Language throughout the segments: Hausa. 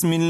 بسم الله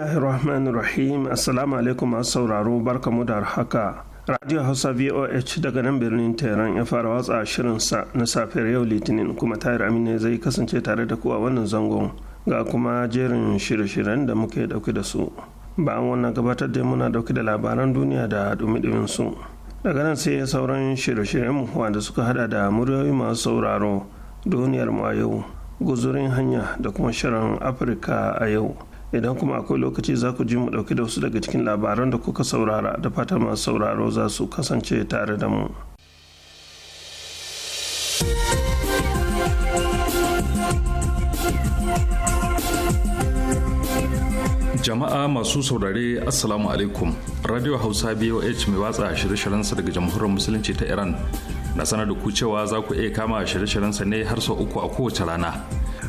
Rahman Rahim Assalamu alaikum masu sauraro barkamu da haka. Radio Hausa VOH daga nan birnin Tehran ya fara watsa shirin sa na safiyar yau Litinin kuma Tahir Aminu zai kasance tare da ku a wannan zangon ga kuma jerin shirye-shiryen da muke dauke da su. Bayan wannan gabatar da muna dauke da labaran duniya da dumi su. Daga nan sai sauran shirye-shiryen mu wanda suka hada da muryoyi masu sauraro duniyar mu a yau guzurin hanya da kuma shirin Afirka a yau. idan kuma akwai lokaci za ku ji mu ɗauki da wasu daga cikin labaran da kuka saurara da fata masu sauraro za su kasance tare da mu. jama'a masu saurare assalamu alaikum radio hausa boh mai watsa shirye shiryen sa daga jamhuriyar musulunci ta iran na sanar da ku cewa za ku iya kama shirye shiryen sa ne har sau uku a kowace rana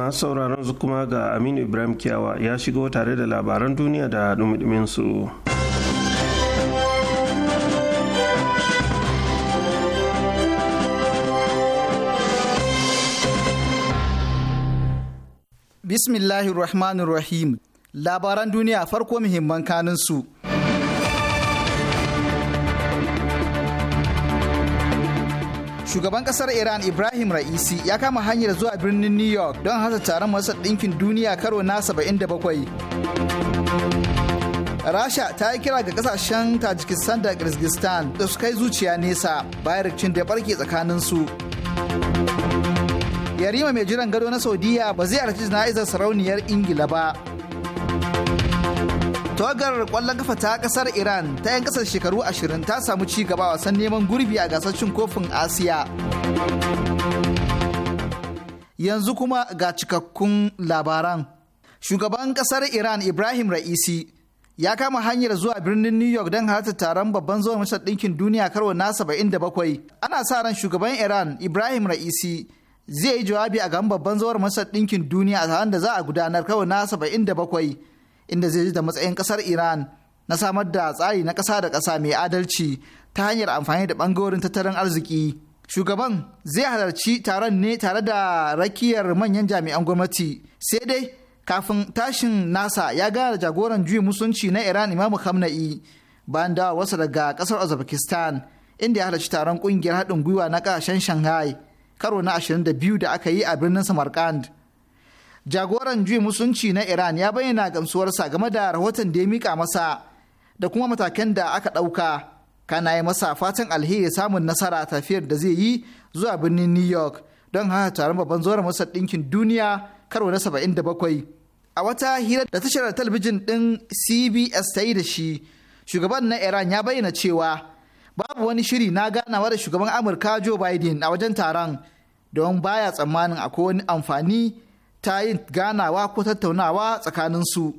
masu sauraron su kuma ga aminu ibrahim kiyawa ya shigo tare da labaran duniya da dumidumin su. bismillahirrahmanirrahim labaran duniya farko muhimman kaninsu. su shugaban kasar iran ibrahim ra'isi ya kama hanyar zuwa birnin new york don hasa taron masar ɗinkin duniya karo na 77 rasha ta yi kira ga kasashen tajikistan da kirgistan da su kai zuciya nesa bayan rikicin da ya barke tsakaninsu yarima mai jiran gado na saudiya ba zai arci jana'izar sarauniyar ingila ba tawagar kwallon kafa ta kasar iran ta yan kasar shekaru 20 ta samu ci gaba wasan neman gurbi a gasar cin kofin asiya yanzu kuma ga cikakkun labaran shugaban kasar iran ibrahim ra'isi ya kama hanyar zuwa birnin New York don halartar taron babban zuwa mashar Ɗinkin Duniya karo na 77. Ana sa ran shugaban Iran Ibrahim Ra'isi zai yi jawabi a gaban babban zuwa mashar Ɗinkin Duniya a taron da za a gudanar karo na 77 inda zai ji da matsayin kasar iran na samar da tsari na kasa da kasa mai adalci ta hanyar amfani da ɓangarorin tattalin arziki shugaban zai halarci taron ne tare da rakiyar manyan jami'an gwamnati sai dai kafin tashin nasa ya gana da jagoran juyin musulunci na iran imamu hamna'i bayan dawowarsa daga ƙasar uzbekistan inda ya halarci taron ƙungiyar haɗin gwiwa na ƙasashen shanghai karo na 22 da aka yi a birnin samarkand jagoran juyin musulunci na iran ya bayyana gamsuwarsa game da rahoton da ya mika masa da kuma matakan da aka ɗauka kana yi masa fatan alheri samun nasara tafiyar da zai yi zuwa birnin new york don haka taron babban zoron masa ɗinkin duniya karo na 77 a wata hira da tashar talabijin ɗin cbs ta yi da shi shugaban na iran ya bayyana cewa babu wani shiri na ganawa da shugaban amurka joe biden a wajen taron don baya tsammanin akwai wani amfani ta yin ganawa ko tattaunawa tsakanin su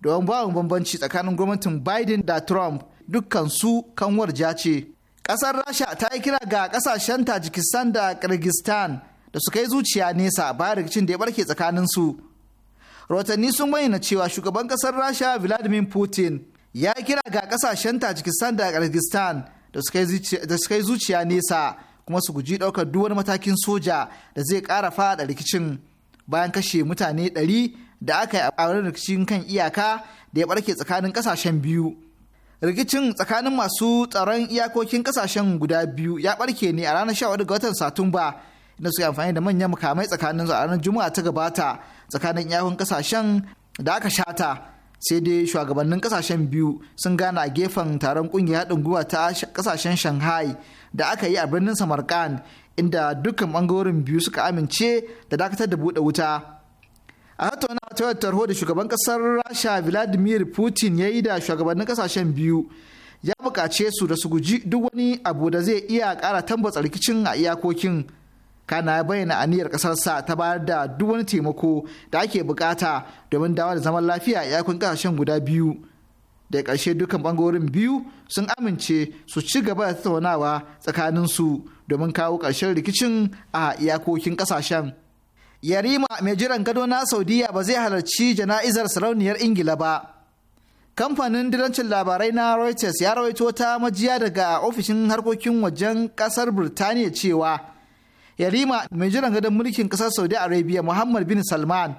don babu bambanci tsakanin gwamnatin Biden da Trump dukkan su warja ce. Ƙasar Rasha ta yi kira ga ƙasashen Tajikistan da Kyrgyzstan da suka yi zuciya nesa bayan rikicin da ya barke tsakanin su. Rahotanni sun bayyana cewa shugaban ƙasar Rasha Vladimir Putin ya yi kira ga ƙasashen Tajikistan da Kyrgyzstan da suka yi zuciya nesa kuma su guji ɗaukar duk wani matakin soja da zai ƙara faɗa rikicin. bayan kashe mutane ɗari da aka yi a rikicin kan iyaka da ya barke tsakanin ƙasashen biyu. Rikicin tsakanin masu tsaron iyakokin ƙasashen guda biyu ya barke ne a ranar sha ga watan Satumba inda suke amfani da manyan makamai tsakanin a ranar Juma'a ta gabata tsakanin iyakokin ƙasashen da aka shata. sai dai shugabannin kasashen biyu sun gana a gefen taron kungiyar haɗin gwiwa ta ƙasashen shanghai da aka yi a birnin samarkand inda dukkan bangarorin biyu suka amince da dakatar da buɗe wuta a tattaunawa ta wayar tarho da shugaban kasar rasha vladimir putin ya yi da shugabannin kasashen biyu ya buƙace su da su guji duk wani abu da zai iya kara tambatsa rikicin a iyakokin kana ya bayyana aniyar sa ta bayar da duk wani taimako da ake bukata domin dawo da zaman lafiya a iyakokin kasashen guda biyu da ƙarshe dukkan bangarorin biyu sun amince su ci gaba da tattaunawa tsakaninsu domin kawo ƙarshen rikicin a iyakokin ƙasashen. Yarima mai jiran gado na Saudiya ba zai halarci jana'izar sarauniyar Ingila ba. Kamfanin dilancin labarai na Reuters ya rawaito ta majiya daga ofishin harkokin wajen ƙasar Birtaniya cewa Yarima mai jiran gadon mulkin ƙasar Saudi Arabia Muhammad bin Salman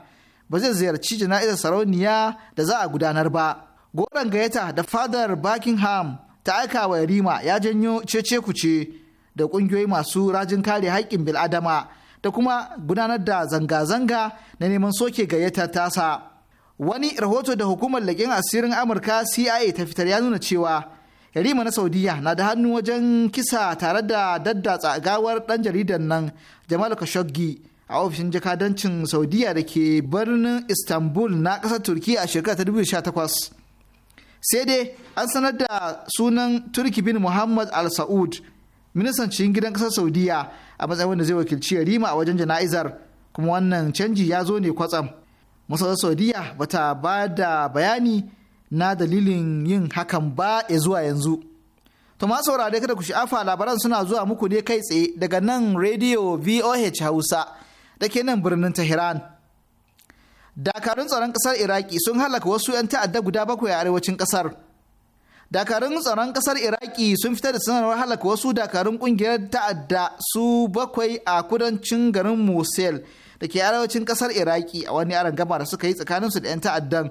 ba zai ziyarci jana'izar sarauniya da za a gudanar ba. Goron gayyata da fadar Buckingham ta aika wa Yarima ya janyo cece kuce. da kungiyoyi masu rajin kare haƙƙin bil'adama da kuma gudanar da zanga-zanga na neman soke gayyatar tasa. Wani rahoto da hukumar laƙin asirin Amurka CIA ta fitar ya nuna cewa Yarima na Saudiya na da hannu wajen kisa tare da daddatsa gawar ɗan jaridan nan Jamal Khashoggi a ofishin jakadancin Saudiya da ke birnin Istanbul na ƙasar turkiyya a shekarar 2018. Sai dai an sanar da sunan Turki bin Muhammad Al-Sa'ud ministan cikin gidan kasar saudiya a matsayin wanda zai wakilci yarima a wajen jana'izar kuma wannan canji ya zo ne kwatsam masarar saudiya bata ba da bayani na dalilin yin hakan ba ya zuwa yanzu to ma saurare kada ku sha'afa labaran suna zuwa muku ne kai tsaye daga nan radio voh hausa da ke nan birnin tehran dakarun tsaron kasar iraki sun halaka wasu 'yan ta'adda guda bakwai a arewacin kasar dakarun tsaron kasar iraki sun fitar da sanarwar halaka wasu dakarun kungiyar ta'adda su bakwai a kudancin garin mosul da ke arewacin kasar iraki a wani gama da suka yi tsakanin su da 'yan ta'addan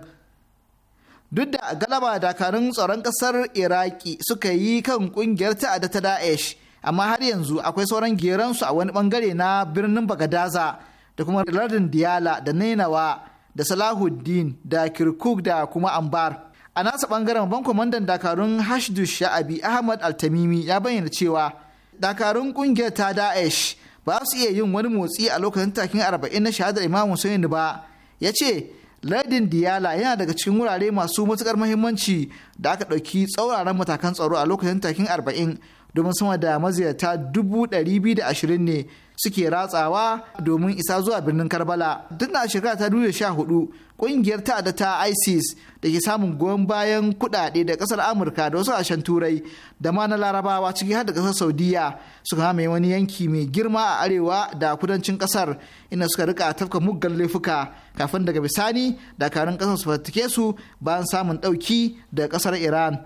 duk da galaba dakarun tsaron kasar iraki suka yi kan kungiyar ta'adda ta daesh amma har yanzu akwai sauran geran su a wani bangare na birnin bagadaza da kuma lardin diyala da nainawa da salahuddin da kirkuk da kuma ambar a nasa bangaren babban kwamandan dakarun hashdu sha'abi ahmad altamimi ya bayyana cewa dakarun kungiyar ta daesh ba su iya yin wani motsi a lokacin takin arba'in na shahadar imam hussein ba ya ce lardin diyala yana daga cikin wurare masu matukar mahimmanci da aka ɗauki tsauraran matakan tsaro a lokacin takin arba'in domin sama da maziyarta dubu ɗari biyu da ashirin ne suke ratsawa domin isa zuwa birnin Karbala. Duk na shekara ta duniya sha hudu ƙungiyar ta'adda ta ISIS da ke samun goyon bayan kuɗaɗe da ƙasar Amurka da wasu ashen Turai da ma na Larabawa ciki har da ƙasar Saudiya suka mamaye wani yanki mai girma a arewa da kudancin ƙasar inda suka rika tafka muggan laifuka kafin daga bisani dakarun ƙasar su fatike su bayan samun ɗauki da ƙasar Iran.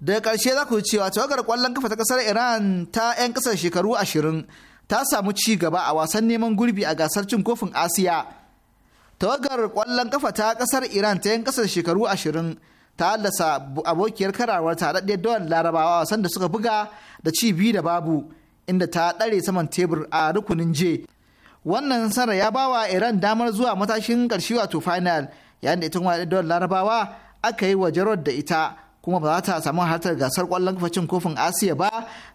Daga ƙarshe za ku cewa tawagar ƙwallon kafa ta ƙasar Iran ta 'yan ƙasar shekaru ashirin ta samu ci gaba a wasan neman gurbi a gasar cin kofin asiya tawagar kwallon kafa ta kasar iran ta yin kasar shekaru ashirin ta haddasa abokiyar karawar ta haɗaɗɗiyar dawar larabawa wasan da suka buga da ci biyu da babu inda ta ɗare saman tebur a rukunin je wannan sara ya bawa iran damar zuwa matashin ƙarshe wato final yayin da ita kuma don larabawa aka yi wa jarod da ita kuma ba za ta samu halartar gasar kwallon kafa kofin asiya ba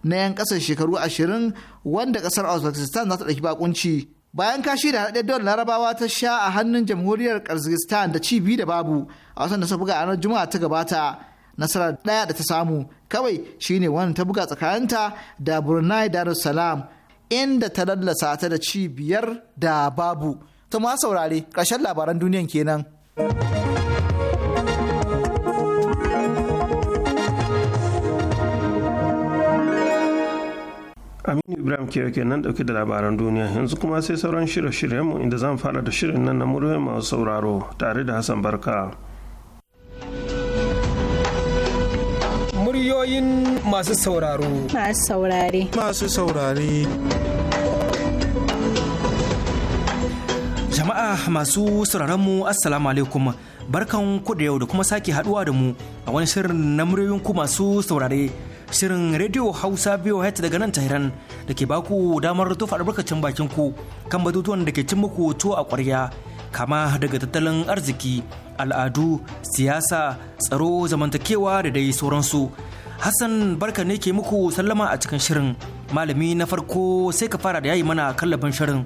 na yan kasar shekaru ashirin wanda kasar uzbekistan za ta ɗauki bakunci bayan kashi da haɗe dole larabawa ta sha a hannun jamhuriyar kazakhstan da ci biyu da babu a wasan da ta buga a ranar juma'a ta gabata nasarar ɗaya da ta samu kawai shine wanda ta buga tsakaninta da brunei darussalam inda ta lallasa ta da ci biyar da babu ta ma saurare ƙarshen labaran duniyan kenan. Aminu Ibrahim ke yake nan dauke da labaran duniya yanzu kuma sai sauran shirye-shiryenmu inda zan fara da shirin nan na muryoyin masu sauraro tare da Hassan Barka. Muryoyin masu sauraro. Masu saurare. Masu saurare. Jama'a masu sauraron mu Assalamu alaikum barkan ku da yau da kuma sake haduwa da mu a wani shirin na muryoyin ku masu saurare. shirin Radio Hausa VOH daga nan Tehran da ke baku damar tufa albarkacin bakin ku kan batutuwan da ke cin muku tuwo a kwarya kama daga tattalin arziki, al'adu, siyasa, tsaro, zamantakewa da dai sauransu. Hassan barka ne ke muku sallama a cikin shirin. Malami na farko sai ka fara da yayi mana kallafin shirin.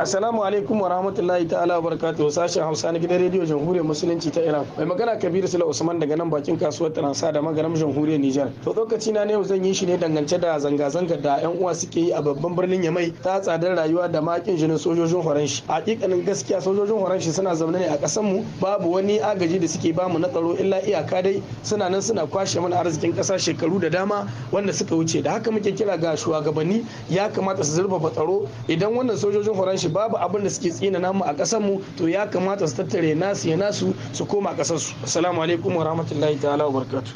Assalamu alaikum wa rahmatullahi ta'ala wa barakatuh sashen Hausa na gidan rediyo Jamhuriyar Musulunci ta Iran. Mai magana Kabiru Sula Usman daga nan bakin kasuwar Taransa da magaram Jamhuriyar Nijar. To lokaci na yau zan yi shi ne dangance da zanga-zanga da yan uwa suke yi a babban birnin Yamai ta tsadar rayuwa da makin jinin sojojin Horanshi. Hakikanin gaskiya sojojin Horanshi suna zaune ne a ƙasar mu babu wani agaji da suke bamu na tsaro illa iyaka dai suna nan suna kwashe mana arzikin ƙasa shekaru da dama wanda suka wuce da haka muke kira ga shugabanni ya kamata su zurfafa tsaro idan wannan sojojin Horanshi babu abin da suke tsina namu a ƙasar mu to ya kamata su tattare nasu ya nasu su koma ƙasar su assalamu alaikum wa rahmatullahi ta'ala wa barakatuh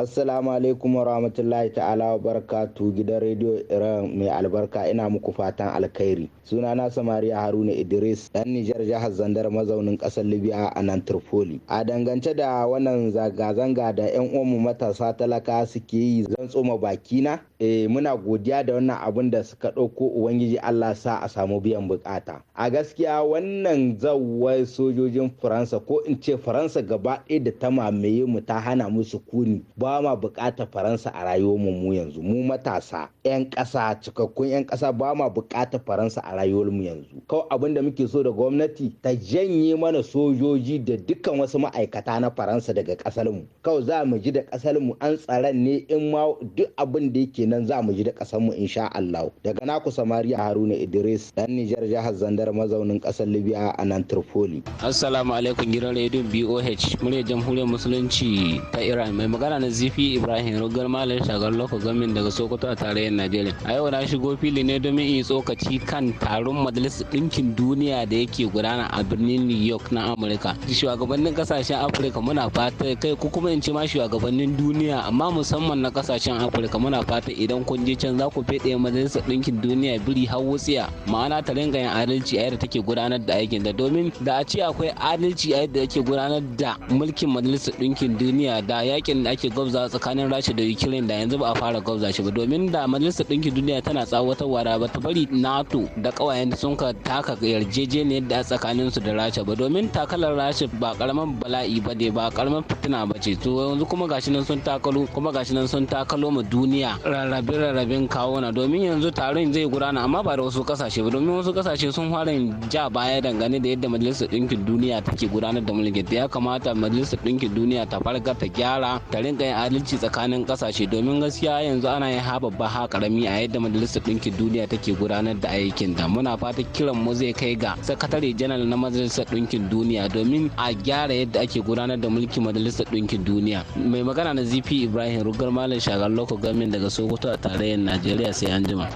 Assalamu alaikum wa rahmatullahi ta'ala wa tu gidan rediyo Iran mai albarka ina muku fatan alkhairi. Sunana Samariya Haruna Idris ɗan Nijar jihar Zandar mazaunin ƙasar Libya a nan Tripoli. A dangance da wannan zanga-zanga da 'yan uwanmu matasa talaka suke yi zan tsoma bakina. eh muna godiya da wannan abin da suka ɗauko Ubangiji Allah sa a samu biyan bukata. A gaskiya wannan zawai sojojin Faransa ko in ce Faransa gaba ɗaya da ta mamaye mu ta hana musu kuni ba ba ma bukatar faransa a rayuwar mu yanzu mu matasa 'yan ƙasa cikakkun 'yan ƙasa ba ma bukatar faransa a rayuwar mu yanzu kawai abin da muke so da gwamnati ta janye mana sojoji da dukkan wasu ma'aikata na faransa daga ƙasar mu. kawai za mu ji da mu an tsaron ne in ma duk abin da yake nan za mu ji da mu insha Allah daga naku samariya haruna idris dan nijar jihar zandar mazaunin ƙasar libya a nan tripoli assalamu alaikum gidan rediyon boh murya jamhuriyar musulunci ta iran mai magana ne Zifi Ibrahim Rogar Malam Shagar Loko Gamin daga Sokoto a tarayyar Najeriya. A yau na shigo fili ne domin in tsokaci kan taron Majalisar Ɗinkin Duniya da yake gudana a birnin New York na Amurka. Shugabannin kasashen Afirka muna fata kai ko kuma in ce ma shugabannin duniya amma musamman na kasashen Afirka muna fata idan kun je can za ku fede Majalisar Ɗinkin Duniya biri har wutsiya ma'ana ta ringa yin adalci a yadda take gudanar da aikin da domin da a ce akwai adalci a yadda yake gudanar da mulkin Majalisar Ɗinkin Duniya da yakin da ake gwabza tsakanin rasha da ukraine da yanzu ba a fara gwabza shi ba domin da majalisar ɗinkin duniya tana tsawatarwa da ba ta bari nato da da sun ka taka yarjejeniyar da tsakanin su da rasha ba domin takalar rasha ba karamin bala'i ba ne ba karamin fitina ba ce to yanzu kuma gashi nan sun takalo kuma gashi nan sun takalo ma duniya rarrabe rarraben kawo na domin yanzu taron zai gudana amma ba da wasu kasashe ba domin wasu kasashe sun fara ja baya dangane da yadda majalisar ɗinkin duniya take gudanar da mulki ya kamata majalisar ɗinkin duniya ta farga ta gyara ta rinka yin adalci tsakanin kasashe domin gaskiya yanzu ana yin ha babba ha karami a yadda majalisar ɗinkin duniya take gudanar da aikin da muna fatan kiran mu zai kai ga sakatare janar na majalisar ɗinkin duniya domin a gyara yadda ake gudanar da mulkin majalisar ɗinkin duniya mai magana na zp ibrahim rugar malam shagar loko gamin daga sokoto a tarayyar najeriya sai an jima.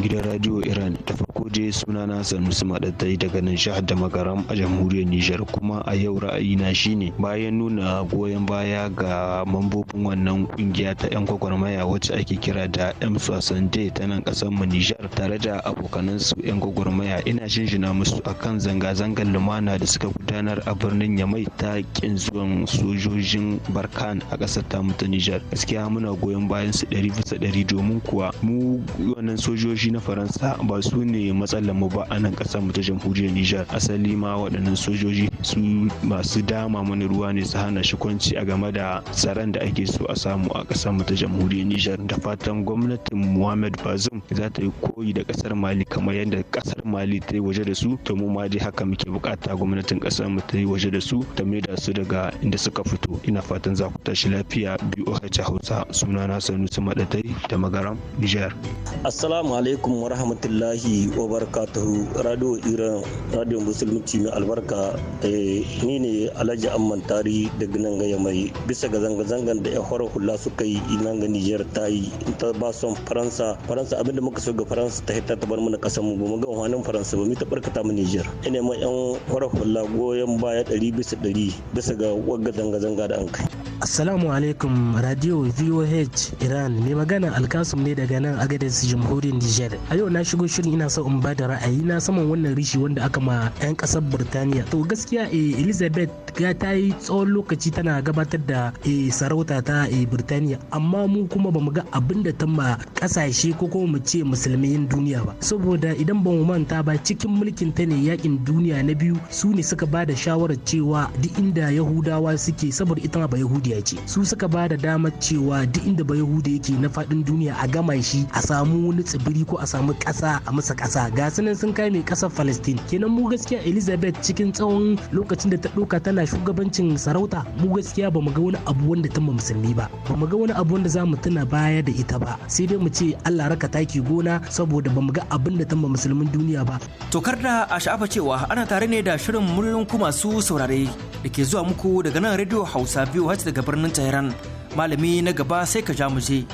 gidan radio iran da farko je suna na sanusi maɗatai daga nan jihar da magaram a jamhuriyar nijar kuma a yau ra'ayina shine bayan nuna goyon baya ga mambobin wannan kungiya ta yan gwagwarmaya wacce ake kira da m sasande ta nan kasar mu nijar tare da abokanansu yan gwagwarmaya ina shinshina musu akan zanga-zangar lumana da suka gudanar a birnin yamai ta kin zuwan sojojin barkan a kasar tamu ta nijar gaskiya muna goyon bayan su ɗari bisa ɗari domin kuwa mu wannan sojoji sojoji na faransa ba su ne matsalar mu ba a nan kasar mu ta jamhuriyar nijar asali ma waɗannan sojoji su masu dama mana ruwa ne su hana shi kwanci a game da tsaron da ake so a samu a ƙasar mu ta jamhuriyar Nijar da fatan gwamnatin Muhammad Bazoum za ta yi koyi da ƙasar Mali kamar yadda ƙasar Mali ta yi waje da su to mu ma dai haka muke bukata gwamnatin ƙasar mu ta yi waje da su ta maida su daga inda suka fito ina fatan za ku tashi lafiya biyu BOH Hausa suna sunana Sanusi Madatai da Magaram Nijar Assalamu alaikum wa rahmatullahi wa barakatuhu Radio Iran Radio Musulunci mai albarka da ni ne alhaji amman tari daga nan ga mai bisa ga zanga-zangan da 'yan horar hula suka yi nan ga nijar ta yi ta ba son faransa faransa abinda muka so ga faransa ta hita ta bar mana kasan mu mu ga wani faransa ba mu ta barkata mu nijar ina ma 'yan horar hula goyon baya ɗari bisa ɗari bisa ga wagga zanga-zanga da an kai assalamu alaikum radio voh iran mai magana alkasum ne daga nan agadis jamhuriyar nijar a yau na shigo shirin ina so in ba da ra'ayi na saman wannan rishi wanda aka ma 'yan kasar birtaniya to gaskiya Eh, elizabeth ga ta yi tsawon lokaci tana gabatar da eh, sarauta ta eh, birtaniya amma mu kuma bamu ga abin da ta ma kasashe ko kuma mu ce musulmin duniya ba saboda idan bamu manta ba cikin mulkin ta ne yakin duniya na biyu su ne suka ba da shawarar cewa duk inda yahudawa suke saboda ita ma ba yahudiya ce su suka ba da damar cewa duk inda ba yahuda yake na fadin duniya a gama shi a samu wani tsibiri ko a samu ƙasa a masa kasa ga sunan sun mai ƙasar palestine kenan mu gaskiya elizabeth cikin tsawon lokacin da ta ɗauka tana shugabancin sarauta mu gaskiya ba mu ga wani abu wanda ta musulmi ba ba mu ga wani abu wanda za mu tuna baya da ita ba sai dai mu ce Allah raka taki gona saboda ba mu ga abin da ta musulmin duniya ba tokar da a sha'afa cewa ana tare ne da shirin muryoyin ku masu saurare da ke zuwa muku daga nan radio Hausa biyu har daga birnin Tehran malami na gaba sai ka ja mu je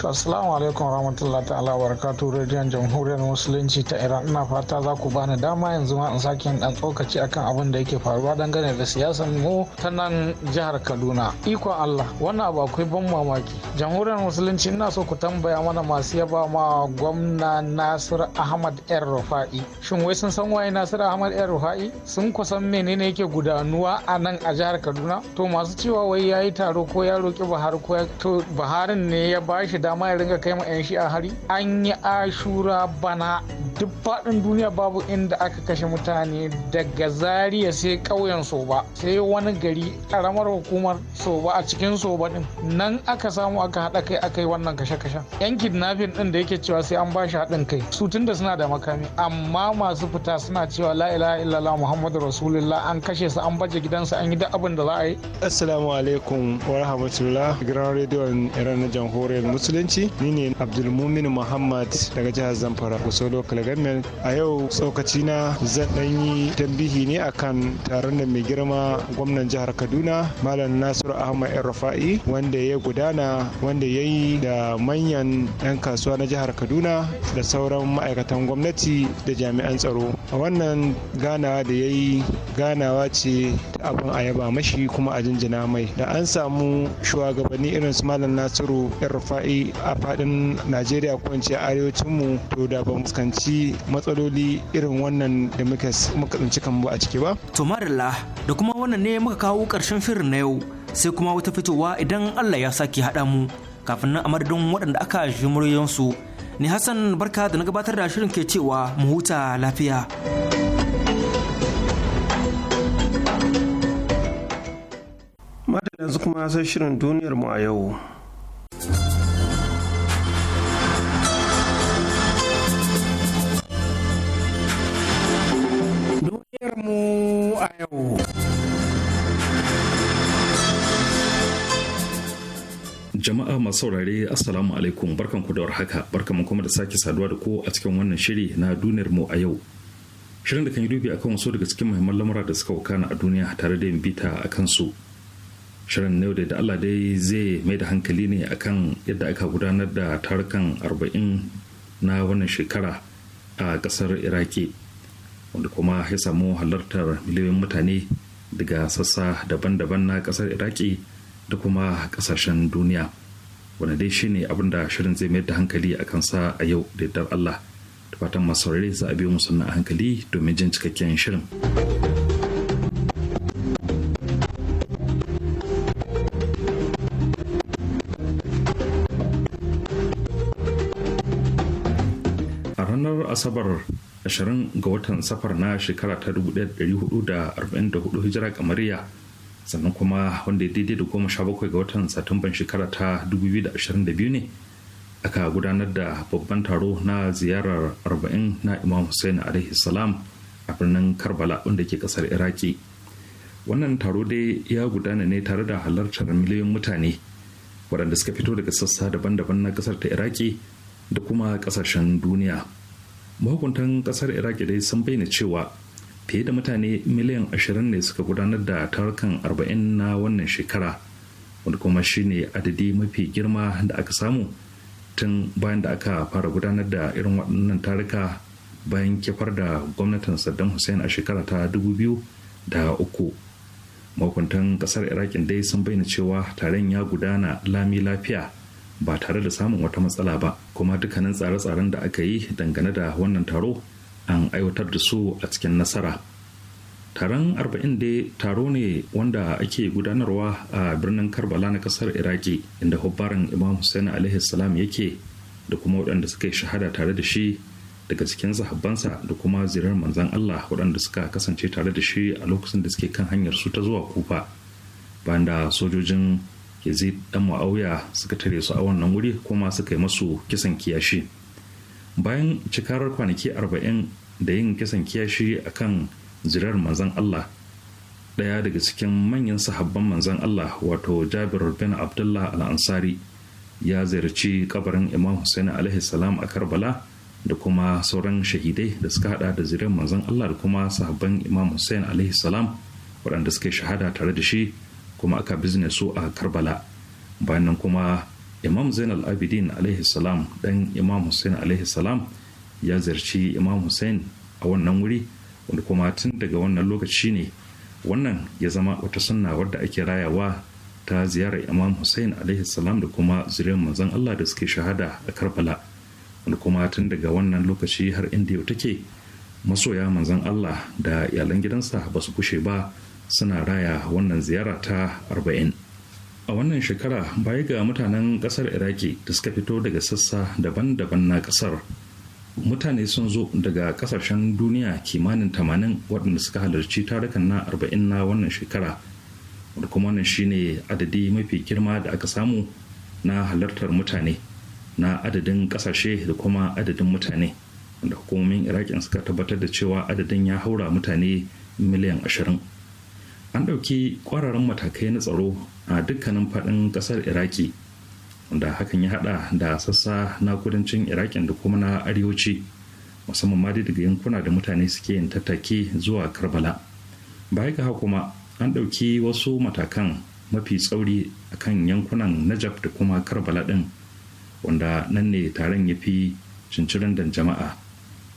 To assalamu alaikum warahmatullahi ta'ala barakatu radiyon jamhuriyar musulunci ta Iran ina fata za ku bani dama yanzu ma in sake yin dan tsokaci akan abin da yake faruwa dangane da siyasar mu ta nan jihar Kaduna. iko Allah wannan abu akwai ban mamaki. Jamhuriyar musulunci ina so ku tambaya mana masu yaba ma gwamna Nasir Ahmad El Rufa'i. Shin wai sun san waye Nasir Ahmad El Rufa'i? Sun kusan menene yake gudanuwa a nan a jihar Kaduna? To masu cewa wai yayi taro ko ya roki Buhari ko to Buharin ne ya bashi da dama ya ringa kai ma 'yan a hari an yi ashura bana duk faɗin duniya babu inda aka kashe mutane daga Zariya sai ƙauyen soba sai wani gari ƙaramar hukumar soba a cikin soba din nan aka samu aka haɗa kai aka yi wannan kashe-kashen yan kidnapping din da yake cewa sai an ba shi haɗin kai su tunda suna da makami amma masu fita suna cewa la ilaha illallah muhammadu rasulullah an kashe su an baje gidansu an yi duk abin da za a yi assalamu alaikum wa rahmatullah gidan rediyon iran na jamhuriyar ta'addanci ni ne abdulmumin muhammad daga jihar zamfara kusa local government a yau tsokaci na zan dan yi tambihi ne akan taron da mai girma gwamnan jihar kaduna malam nasiru ahmad yan rufa'i wanda ya gudana wanda ya yi da manyan 'yan kasuwa na jihar kaduna da sauran ma'aikatan gwamnati da jami'an tsaro a wannan ganawa da ya yi ganawa ce ta abin a yaba mashi kuma a jinjina mai da an samu shugabanni irin su malam nasiru yan rufa'i a faɗin najeriya ko ce mu. arewacinmu to da ba muskanci matsaloli irin wannan da muka tsinci kanmu a ciki ba. to marilla da kuma wannan ne muka kawo ƙarshen shirin na yau sai kuma wata fitowa idan allah ya sake haɗa mu kafin nan a madadin waɗanda aka shi muryansu ni hassan barka da na gabatar da shirin ke cewa mu huta lafiya. yanzu kuma sai shirin duniyar mu a yau Jama'a masu saurare Assalamu alaikum ku da warhaka mu kuma da sake saduwa da ku a cikin wannan shiri na duniyar mu a yau. Shirin da kan yi dubi akan wasu daga cikin muhimman lamura da suka wakana a duniya tare da yin bita a kansu. Shirin na yau da Allah dai zai mai da hankali ne akan yadda aka gudanar da tarukan arba'in na wannan shekara a kasar Iraki wanda kuma ya samu halartar miliyoyin mutane daga sassa daban-daban na kasar Iraki da kuma kasashen duniya wanda dai shine abin da shirin zai mayar da hankali a kansa a yau da yardar Allah da fatan masu saurare za a biyo musu a hankali domin jin cikakken shirin. A ranar Asabar 20 ga watan safar na shekara ta 1444 hijira kamariya sannan kuma wanda ya daidai da goma sha bakwai ga watan satumban shekara ta 2022 ne aka gudanar da babban taro na ziyarar arba'in na imam hussein alaihi salam a birnin karbala wanda ke kasar iraki wannan taro dai ya gudana ne tare da halartar miliyoyin mutane waɗanda suka fito daga sassa daban-daban na kasar ta iraki da kuma kasashen duniya mahukuntan kasar iraki dai sun bayyana cewa fiye da mutane miliyan 20 ne suka gudanar da tarukan 40 na wannan shekara wanda kuma shine adadi mafi girma da aka samu tun bayan da aka fara gudanar da irin waɗannan taruka bayan kifar da gwamnatin saddam hussein a shekara ta 2003 mahukuntan ƙasar irakin dai sun bayyana cewa taron ya gudana lami lafiya ba tare da samun wata matsala ba kuma dukkanin tsare-tsaren da aka yi dangane da wannan taro an aiwatar da su a cikin nasara taron arba'in dai taro ne wanda ake gudanarwa a birnin karbala na kasar iraki inda hubbaran imam hussein alaihi salam yake da kuma waɗanda suka yi shahada tare da shi daga cikin sahabbansa da kuma zirar manzan allah waɗanda suka kasance tare da shi a lokacin da suke kan hanyar su ta zuwa kufa bayan da sojojin yazid dan ma'auya suka tare su a wannan wuri kuma suka yi masu kisan kiyashi bayan cikarar kwanaki arba'in da yin kisan kiyashi a kan zirar manzan Allah ɗaya daga cikin manyan sahabban manzan Allah wato Jabir bin Abdullah al-Ansari ya ziyarci kabarin Imam Hussein alaihi salam a Karbala da kuma sauran shahidai da suka hada da zirar manzan Allah da kuma sahabban Imam Hussein alaihi salam waɗanda suka shahada tare da shi kuma aka bizne su a Karbala bayan kuma Imam Zainal Abidin alaihi salam dan Imam Hussein alaihi salam ya ziyarci imam hussein a wannan wuri wanda kuma tun daga wannan lokaci ne wannan ya zama wata sunna wadda ake rayawa ta ziyarar imam hussein alaihi salam da kuma zuriyar manzon allah da suke shahada a karbala wanda kuma tun daga wannan lokaci har inda yau take masoya manzon allah da iyalan gidansa ba su kushe ba suna raya wannan ziyara ta arba'in a wannan shekara baya ga mutanen kasar iraki da suka fito daga sassa daban-daban na kasar mutane sun zo daga kasashen duniya kimanin tamanin waɗanda suka halarci tarukan na arba'in na wannan shekara da kuma wannan shine adadi mafi girma da aka samu na halartar mutane na adadin kasashe da kuma adadin mutane wanda hukumomin iraki suka tabbatar da cewa adadin ya haura mutane miliyan ashirin an ɗauki ƙwararren matakai na tsaro a dukkanin faɗin ƙasar iraki wanda hakan ya hada da sassa na kudancin iraƙin da kuma na arewaci musamman ma dai daga yankuna da mutane suke yin tattake zuwa karbala baya ga kuma an ɗauki wasu matakan mafi tsauri a kan yankunan najaf da kuma karbala ɗin wanda nan ne taron ya fi cincirin da jama'a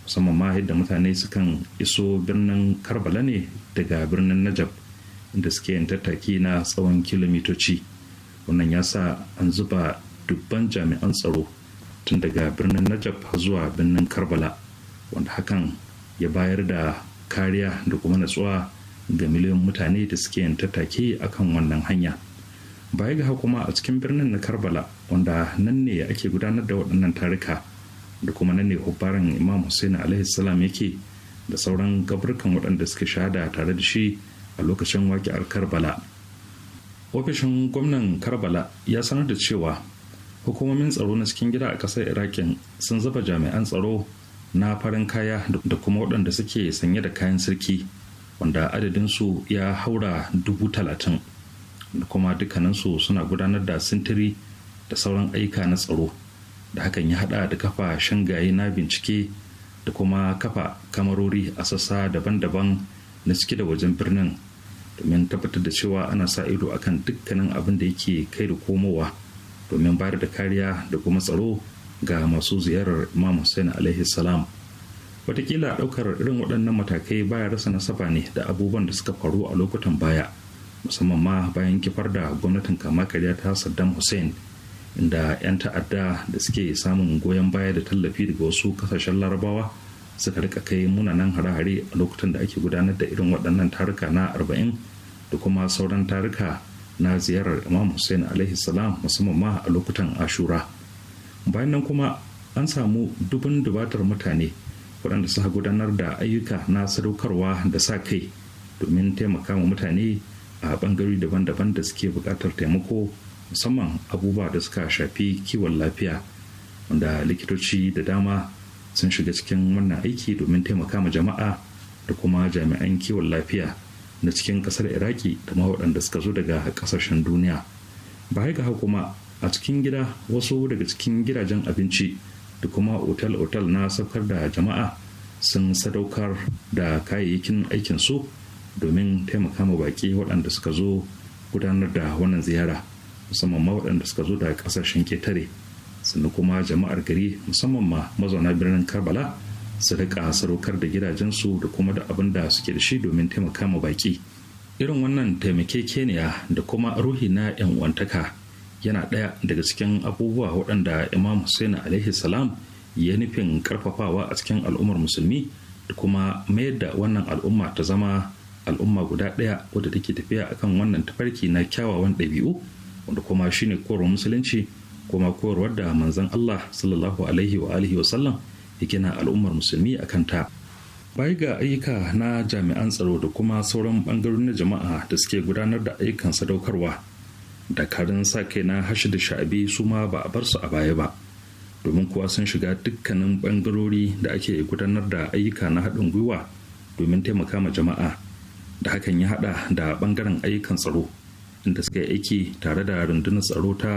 musamman ma yadda mutane sukan iso birnin karbala ne daga birnin najaf inda suke yin tattaki na tsawon kilomitoci wannan ya sa an zuba dubban jami'an tsaro tun daga birnin najaf zuwa birnin karbala wanda hakan ya bayar da kariya da kuma natsuwa ga miliyan mutane da suke yin tattake akan wannan hanya baya ga kuma a cikin birnin na karbala wanda nan ne ake gudanar da waɗannan tarika da kuma nan ne hubbaran imam hussein alaihi salam yake da sauran gaburkan waɗanda suke shahada tare da shi a lokacin waƙi'ar karbala ofishin gwamnan karbala ya sanar da cewa hukumomin tsaro na cikin gida a ƙasar iraƙin sun zuba jami'an tsaro na farin kaya da kuma waɗanda suke sanye da kayan sarki wanda adadinsu ya haura dubu talatin da kuma dukkaninsu suna gudanar da sintiri da sauran aika na tsaro da hakan ya haɗa da kafa shangaye na bincike da kuma kafa kamarori a sassa daban-daban na cike da wajen birnin domin tabbatar da cewa ana sa ido akan dukkanin abin da yake kai da komowa domin bayar da kariya da kuma tsaro ga masu ziyarar imam hussein alaihi salam watakila ɗaukar irin waɗannan matakai baya rasa nasaba ne da abubuwan da suka faru a lokutan baya musamman ma bayan kifar da gwamnatin kama karya ta saddam hussein inda 'yan ta'adda da suke samun goyon baya da tallafi daga wasu kasashen larabawa suka rika kai munanan hare-hare a lokutan da ake gudanar da irin waɗannan taruka na arba'in da kuma sauran taruka na ziyarar imam hussein alaihi salam musamman ma a lokutan ashura bayan nan kuma an samu dubin dubatar mutane waɗanda suka gudanar da ayyuka na sadaukarwa da sa kai domin taimaka wa mutane a ɓangare daban-daban da suke buƙatar taimako musamman abubuwa da suka shafi kiwon lafiya wanda likitoci da dama sun shiga cikin wannan aiki domin taimaka ma jama'a da kuma jami'an kiwon lafiya na cikin kasar iraki da ma waɗanda suka zo daga ƙasashen duniya ba ga haka kuma a cikin gida wasu daga cikin gidajen abinci da kuma otal-otal na saukar da jama'a sun sadaukar da kayayyakin aikin su domin taimaka ma baƙi waɗanda suka zo gudanar da wannan ziyara musamman ma waɗanda suka zo da ƙasashen ketare sannan kuma jama'ar gari musamman ma mazauna birnin Karbala su rika sadaukar da gidajensu da kuma da abin da suke da shi domin taimaka ma baki. Irin wannan taimakekeniya da kuma ruhi na 'yan uwantaka yana ɗaya daga cikin abubuwa waɗanda Imam Hussein alaihi salam ya nufin karfafawa a cikin al'ummar musulmi da kuma mayar da wannan al'umma ta zama al'umma guda ɗaya wadda take tafiya akan wannan tafarki na kyawawan ɗabi'u wanda kuma shine koron musulunci kuma korowar da manzon Allah sallallahu alaihi wa alihi wa sallam ya gina al'ummar musulmi a kanta bai ga ayyuka na jami'an tsaro da kuma sauran bangarorin jama'a da suke gudanar da ayyukan sadaukarwa da karin sa kai na hashi da sha'abi su ma ba a bar su a baya ba domin kuwa sun shiga dukkanin bangarori da ake gudanar da ayyuka na haɗin gwiwa domin taimaka ma jama'a da hakan ya haɗa da bangaren ayyukan tsaro inda suka yi aiki tare da rundunar tsaro ta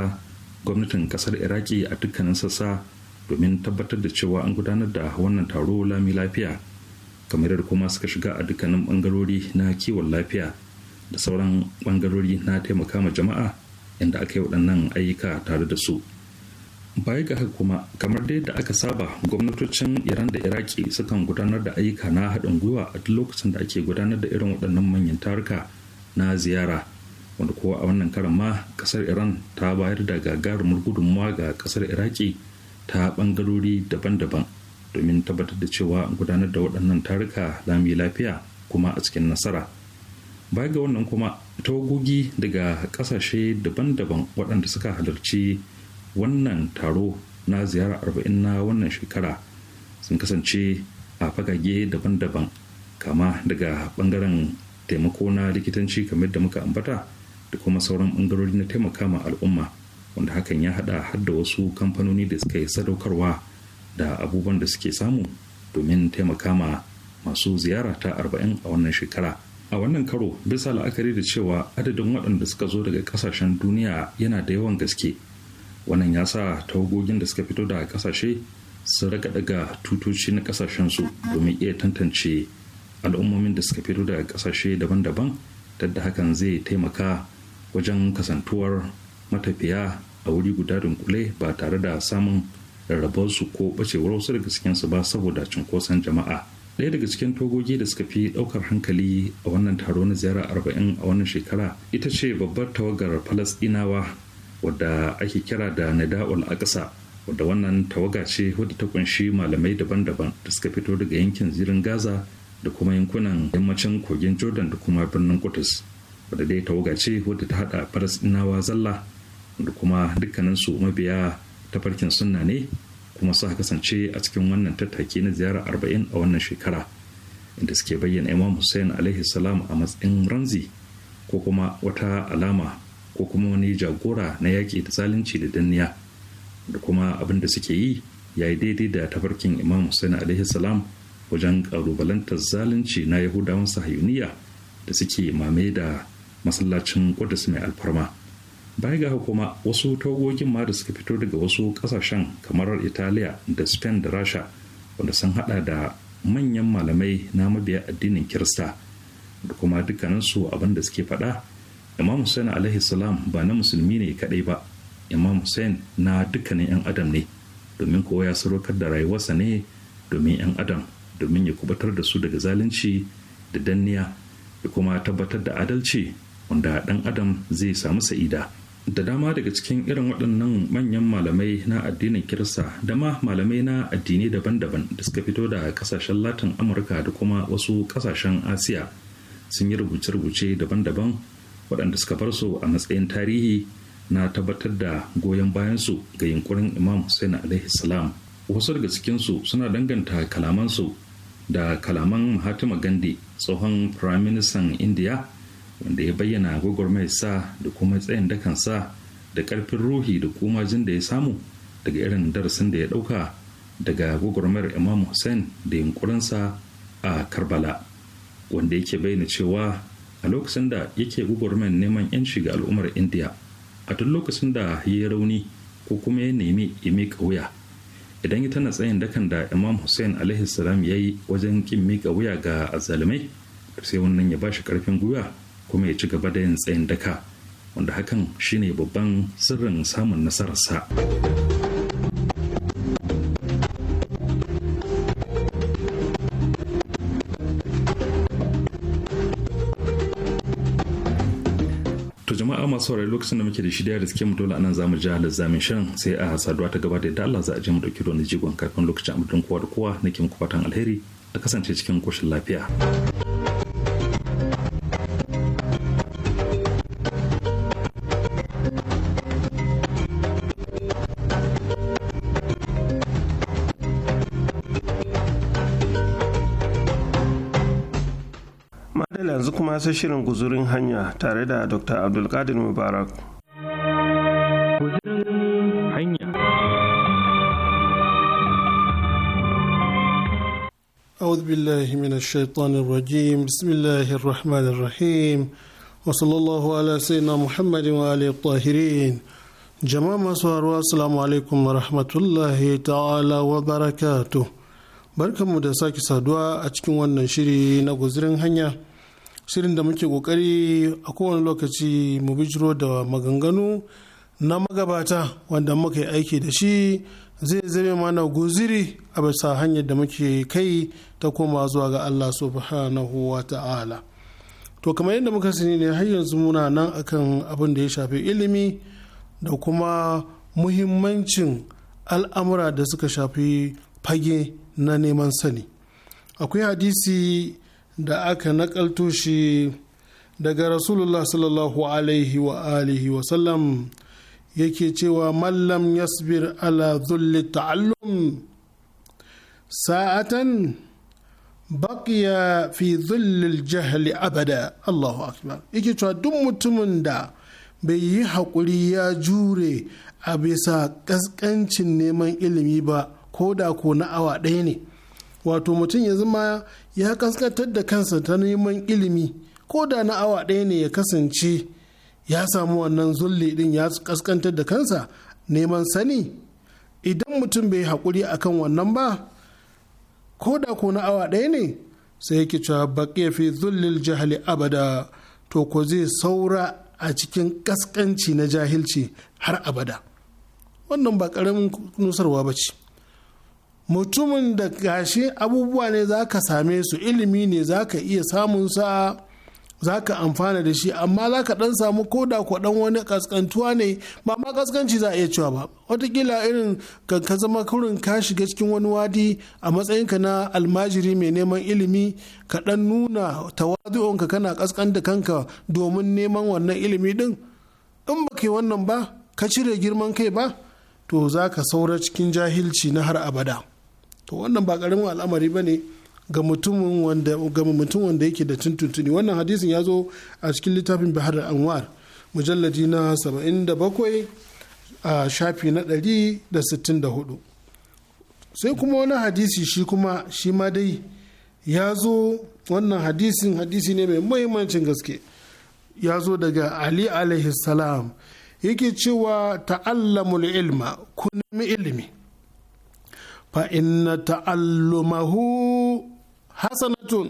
gwamnatin kasar iraki a dukkanin sassa domin tabbatar da cewa an gudanar da wannan taro lami lafiya kamar yadda kuma suka shiga a dukkanin bangarori na kiwon lafiya da sauran bangarori na taimaka ma jama'a inda aka yi waɗannan ayyuka tare da su baya ga haka kuma kamar dai da aka saba gwamnatocin iran da iraki sukan gudanar da ayyuka na haɗin gwiwa a duk lokacin da ake gudanar da irin waɗannan manyan taruka na ziyara wanda kuwa a wannan karan ma kasar iran ta bayar da gagarumar gudunmawa ga kasar iraki ta bangarori daban-daban domin tabbatar da cewa gudanar da waɗannan taruka lami lafiya kuma a cikin nasara baya ga wannan kuma tawagogi daga ƙasashe daban-daban waɗanda suka halarci wannan taro na ziyara arba'in na wannan shekara sun kasance a fagage daban-daban kama daga bangaren taimako na likitanci kamar da muka ambata da kuma sauran bangarori na taimaka ma al'umma wanda hakan ya haɗa har da wasu kamfanoni da suka yi sadaukarwa da abubuwan da suke samu domin taimaka ma masu ziyara ta arba'in a wannan shekara a wannan karo bisa la'akari da cewa adadin waɗanda suka zo daga ƙasashen duniya yana da yawan gaske wannan ya sa tawagogin da suka fito daga ƙasashe su raka daga tutoci na su domin iya tantance al'ummomin da suka fito daga ƙasashe daban-daban tadda hakan zai taimaka wajen kasantuwar matafiya a wuri guda dunkule ba tare da samun rarrabarsu ko bacewar wasu daga cikinsu ba saboda cunkoson jama'a ɗaya daga cikin togogi da suka fi ɗaukar hankali a wannan taro na ziyara arba'in a wannan shekara ita ce babbar tawagar falasɗinawa wadda ake kira da nada'ul aqsa wadda wannan tawaga ce wadda ta kunshi malamai daban-daban da suka fito daga yankin zirin gaza da kuma yankunan yammacin kogin jordan da kuma birnin kudus wadda dai ta ce wadda ta haɗa nawa zalla da kuma dukkaninsu mabiya tafarkin sunna ne kuma su kasance a cikin wannan tattaki na ziyara arba'in a wannan shekara inda suke bayyana imam hussein alaihi salam a matsayin ranzi ko kuma wata alama ko kuma wani jagora na yaƙi da zalunci da danniya da kuma abin da suke yi ya yi daidai da tafarkin imam hussein alaihi salam wajen ƙalubalantar zalunci na yahudawan sahayuniya da suke mame da masallacin kudus mai alfarma bai ga kuma wasu togogin ma da suka fito daga wasu kasashen kamar italiya da spain da rasha wanda sun hada da manyan malamai na mabiya addinin kirista da kuma dukkaninsu abin da suke fada imam hussein alaihi salam ba na musulmi ne kadai ba imam hussein na dukkanin 'yan adam ne domin kowa ya sadaukar da rayuwarsa ne domin 'yan adam domin ya kubatar da su daga zalunci da danniya da kuma tabbatar da adalci wanda ɗan adam zai samu sa'ida da dama daga cikin irin waɗannan manyan malamai na addinin kirista da ma malamai na addinai daban-daban da suka fito da kasashen latin amurka da kuma wasu kasashen asiya sun yi rubuce-rubuce daban-daban waɗanda suka bar su a matsayin tarihi na tabbatar da goyon bayansu ga yunkurin imam hussein alaihi salam wasu daga cikinsu suna danganta kalamansu da kalaman mahatma gandhi tsohon firaministan indiya wanda ya bayyana gwagwarmayar sa da kuma tsayin dakan sa da karfin ruhi da kuma jin da ya samu daga irin darasin da ya dauka daga gwagwarmayar imam hussein da yunkurinsa a karbala wanda yake bayyana cewa a lokacin da yake gwagwarmayar neman yanci ga al'ummar indiya a duk lokacin da ya rauni ko kuma ya nemi ya miƙa wuya idan ita na tsayin dakan da imam hussein alaihi ya yi wajen kin mika wuya ga azzalumai sai wannan ya ba shi ƙarfin gwiwa kuma ya ci gaba da yin tsayin daka wanda hakan shine babban sirrin samun nasararsa. jama'a masu saurari lokacin da muke da shirya da suke mu dole anan zamu ji halar zamin shirin sai a saduwa ta gaba da yadda Allah za a je mu dauki don jigon kafin lokacin amudin kowa da kowa nake muku fatan alheri a kasance cikin koshin lafiya. kuma shirin guzurin hanya tare da dr abdulkadir mubarak أعوذ بالله من الشيطان الرجيم بسم الله الرحمن الرحيم وصلى الله على سيدنا محمد وآله الطاهرين جماعة مسوار haruwa عليكم ورحمة الله تعالى وبركاته wa barakatu سادوا da sake نغزرين هنيا shirin da muke kokari a kowane lokaci mu bijiro da maganganu na magabata wanda muka yi aiki da shi zai zame mana guziri a bisa hanyar da muke kai ta koma zuwa ga Allah subhanahu wa ta'ala to kamar yadda muka sani ne har yanzu muna nan akan abin da ya shafi ilimi da kuma muhimmancin al'amura da suka shafi fage na neman sani akwai hadisi da aka nakalto shi daga rasulullah sallallahu alaihi wa alihi wa sallam yake cewa mallam yasbir ala zulli ta'allum sa'atan baqiya fi zullil jahli abada Allahu akbar yake cewa duk mutumin da bai yi haƙuri ya jure a bisa ƙasƙancin neman ilimi ba ko da ko na awa ɗaya ne wato mutum ya zama ya kaskantar da kansa ta neman ilimi ko da na awa ɗaya ne ya kasance ya samu wannan zulli ɗin ya kaskantar da kansa neman sani idan mutum bai haƙuri akan wannan ba ko da ko na awa ɗaya ne sai yake cewa baƙi fi zullil jahali abada to ko zai saura a cikin kaskanci na jahilci har abada wannan ba ƙaramin nusarwa ba ce mutumin da gashi abubuwa ne za ka same su ilimi ne za ka iya samunsa za ka amfana da shi amma za ka dan samu koda ko dan wani kaskantuwa ne ba ma kaskanci za a iya cewa ba watakila irin ka zama kurin ka shiga cikin wani wadi a matsayinka na almajiri mai neman ilimi ka dan nuna tawazu'unka kana da kanka domin neman wannan ilimi din in ba yi wannan ba ka cire girman kai ba to za ka saura cikin jahilci na har abada. to wannan ba karamin al'amari ba ne ga mutum wanda yake da tuntuntuni wannan hadisin ya zo a cikin littafin bahar anwar mujallaji na 77 a shafi na 164 sai kuma wani hadisi shi kuma shi ma dai ya zo wannan hadisin hadisi ne mai muhimmancin gaske ya zo daga ali alaihi salam yake cewa ta'allamul ilma kun ilimi fa inna ta'allumahu hasanatun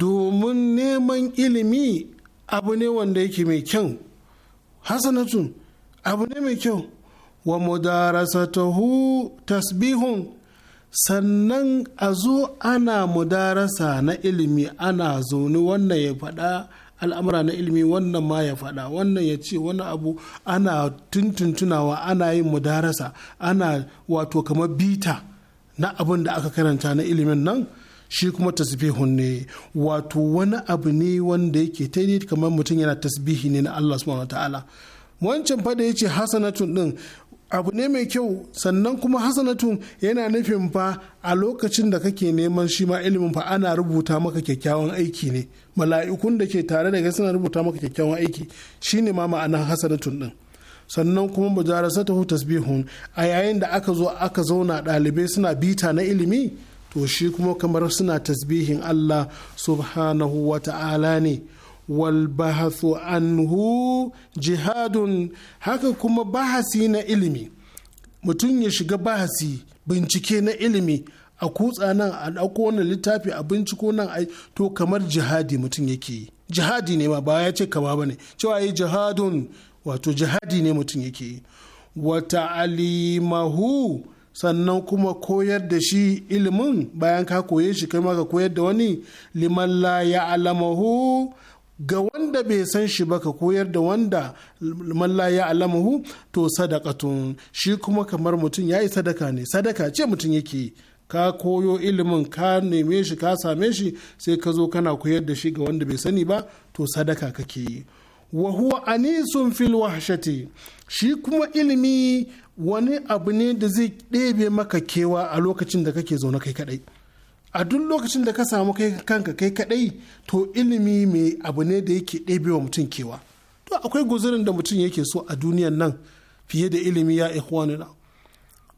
domin neman ilimi abu ne wanda yake mai kyau hasanatun abu ne mai kyau wa mudarasatahu tasbihun sannan a zo ana mudarasa na ilimi ana zaune wannan ya faɗa al'amura na ilimi wannan ma ya faɗa wannan ya ce wani abu ana tuntuntunawa ana yin mudarasa ana wato kamar bita na abin da aka karanta na ilimin nan shi kuma tasbihun ne wato wani abu ne wanda yake ta kamar mutum yana tasbihi ne na Allah subhanahu ta'ala wancan fada yace hasanatun din abu ne mai kyau sannan kuma hasanatun yana nufin fa a lokacin da kake neman shi ma ilimin fa ana rubuta maka kyakkyawan aiki ne mala'ikun da ke tare da suna rubuta maka kyakkyawan aiki shine ma ma'anar hasanatun din sannan kuma mujarasatuhu tasbihun a yayin da aka zo aka zauna ɗalibai suna bita na ilimi to shi kuma kamar suna tasbihin Allah subhanahu wa ta'ala ne wal bahathu anhu jihadun haka kuma bahasi na ilimi mutum ya shiga bahasi bincike na ilimi a kutsa nan a ɗauko wannan littafi a binciko nan a to kamar jihadi mutum yake yi jihadi ne ma ba ya ce kama ba ne cewa yi jihadun wato jihadi ne mutum yake wata alimahu sannan kuma koyar da shi ilimin bayan ka koye shi kai ka koyar da wani liman la ya alamahu ga wanda bai san shi ba ka koyar da wanda liman la ya alamahu to sadakatun shi kuma kamar mutum ya yi sadaka ne sadaka ce mutum yake ka koyo ilimin ka neme shi ka same shi sai ka zo kana koyar da shi ga wanda bai sani ba to sadaka kake yi wa huwa anisun fil wahshati shi kuma ilimi wani abu ne da zai ɗebe maka kewa a lokacin da kake zaune kai kadai a duk lokacin da ka samu kai kanka kai kadai to ilimi mai abu ne da yake ɗebe wa mutum kewa to akwai guzurin da mutum yake so a duniyan nan fiye da ilimi ya na.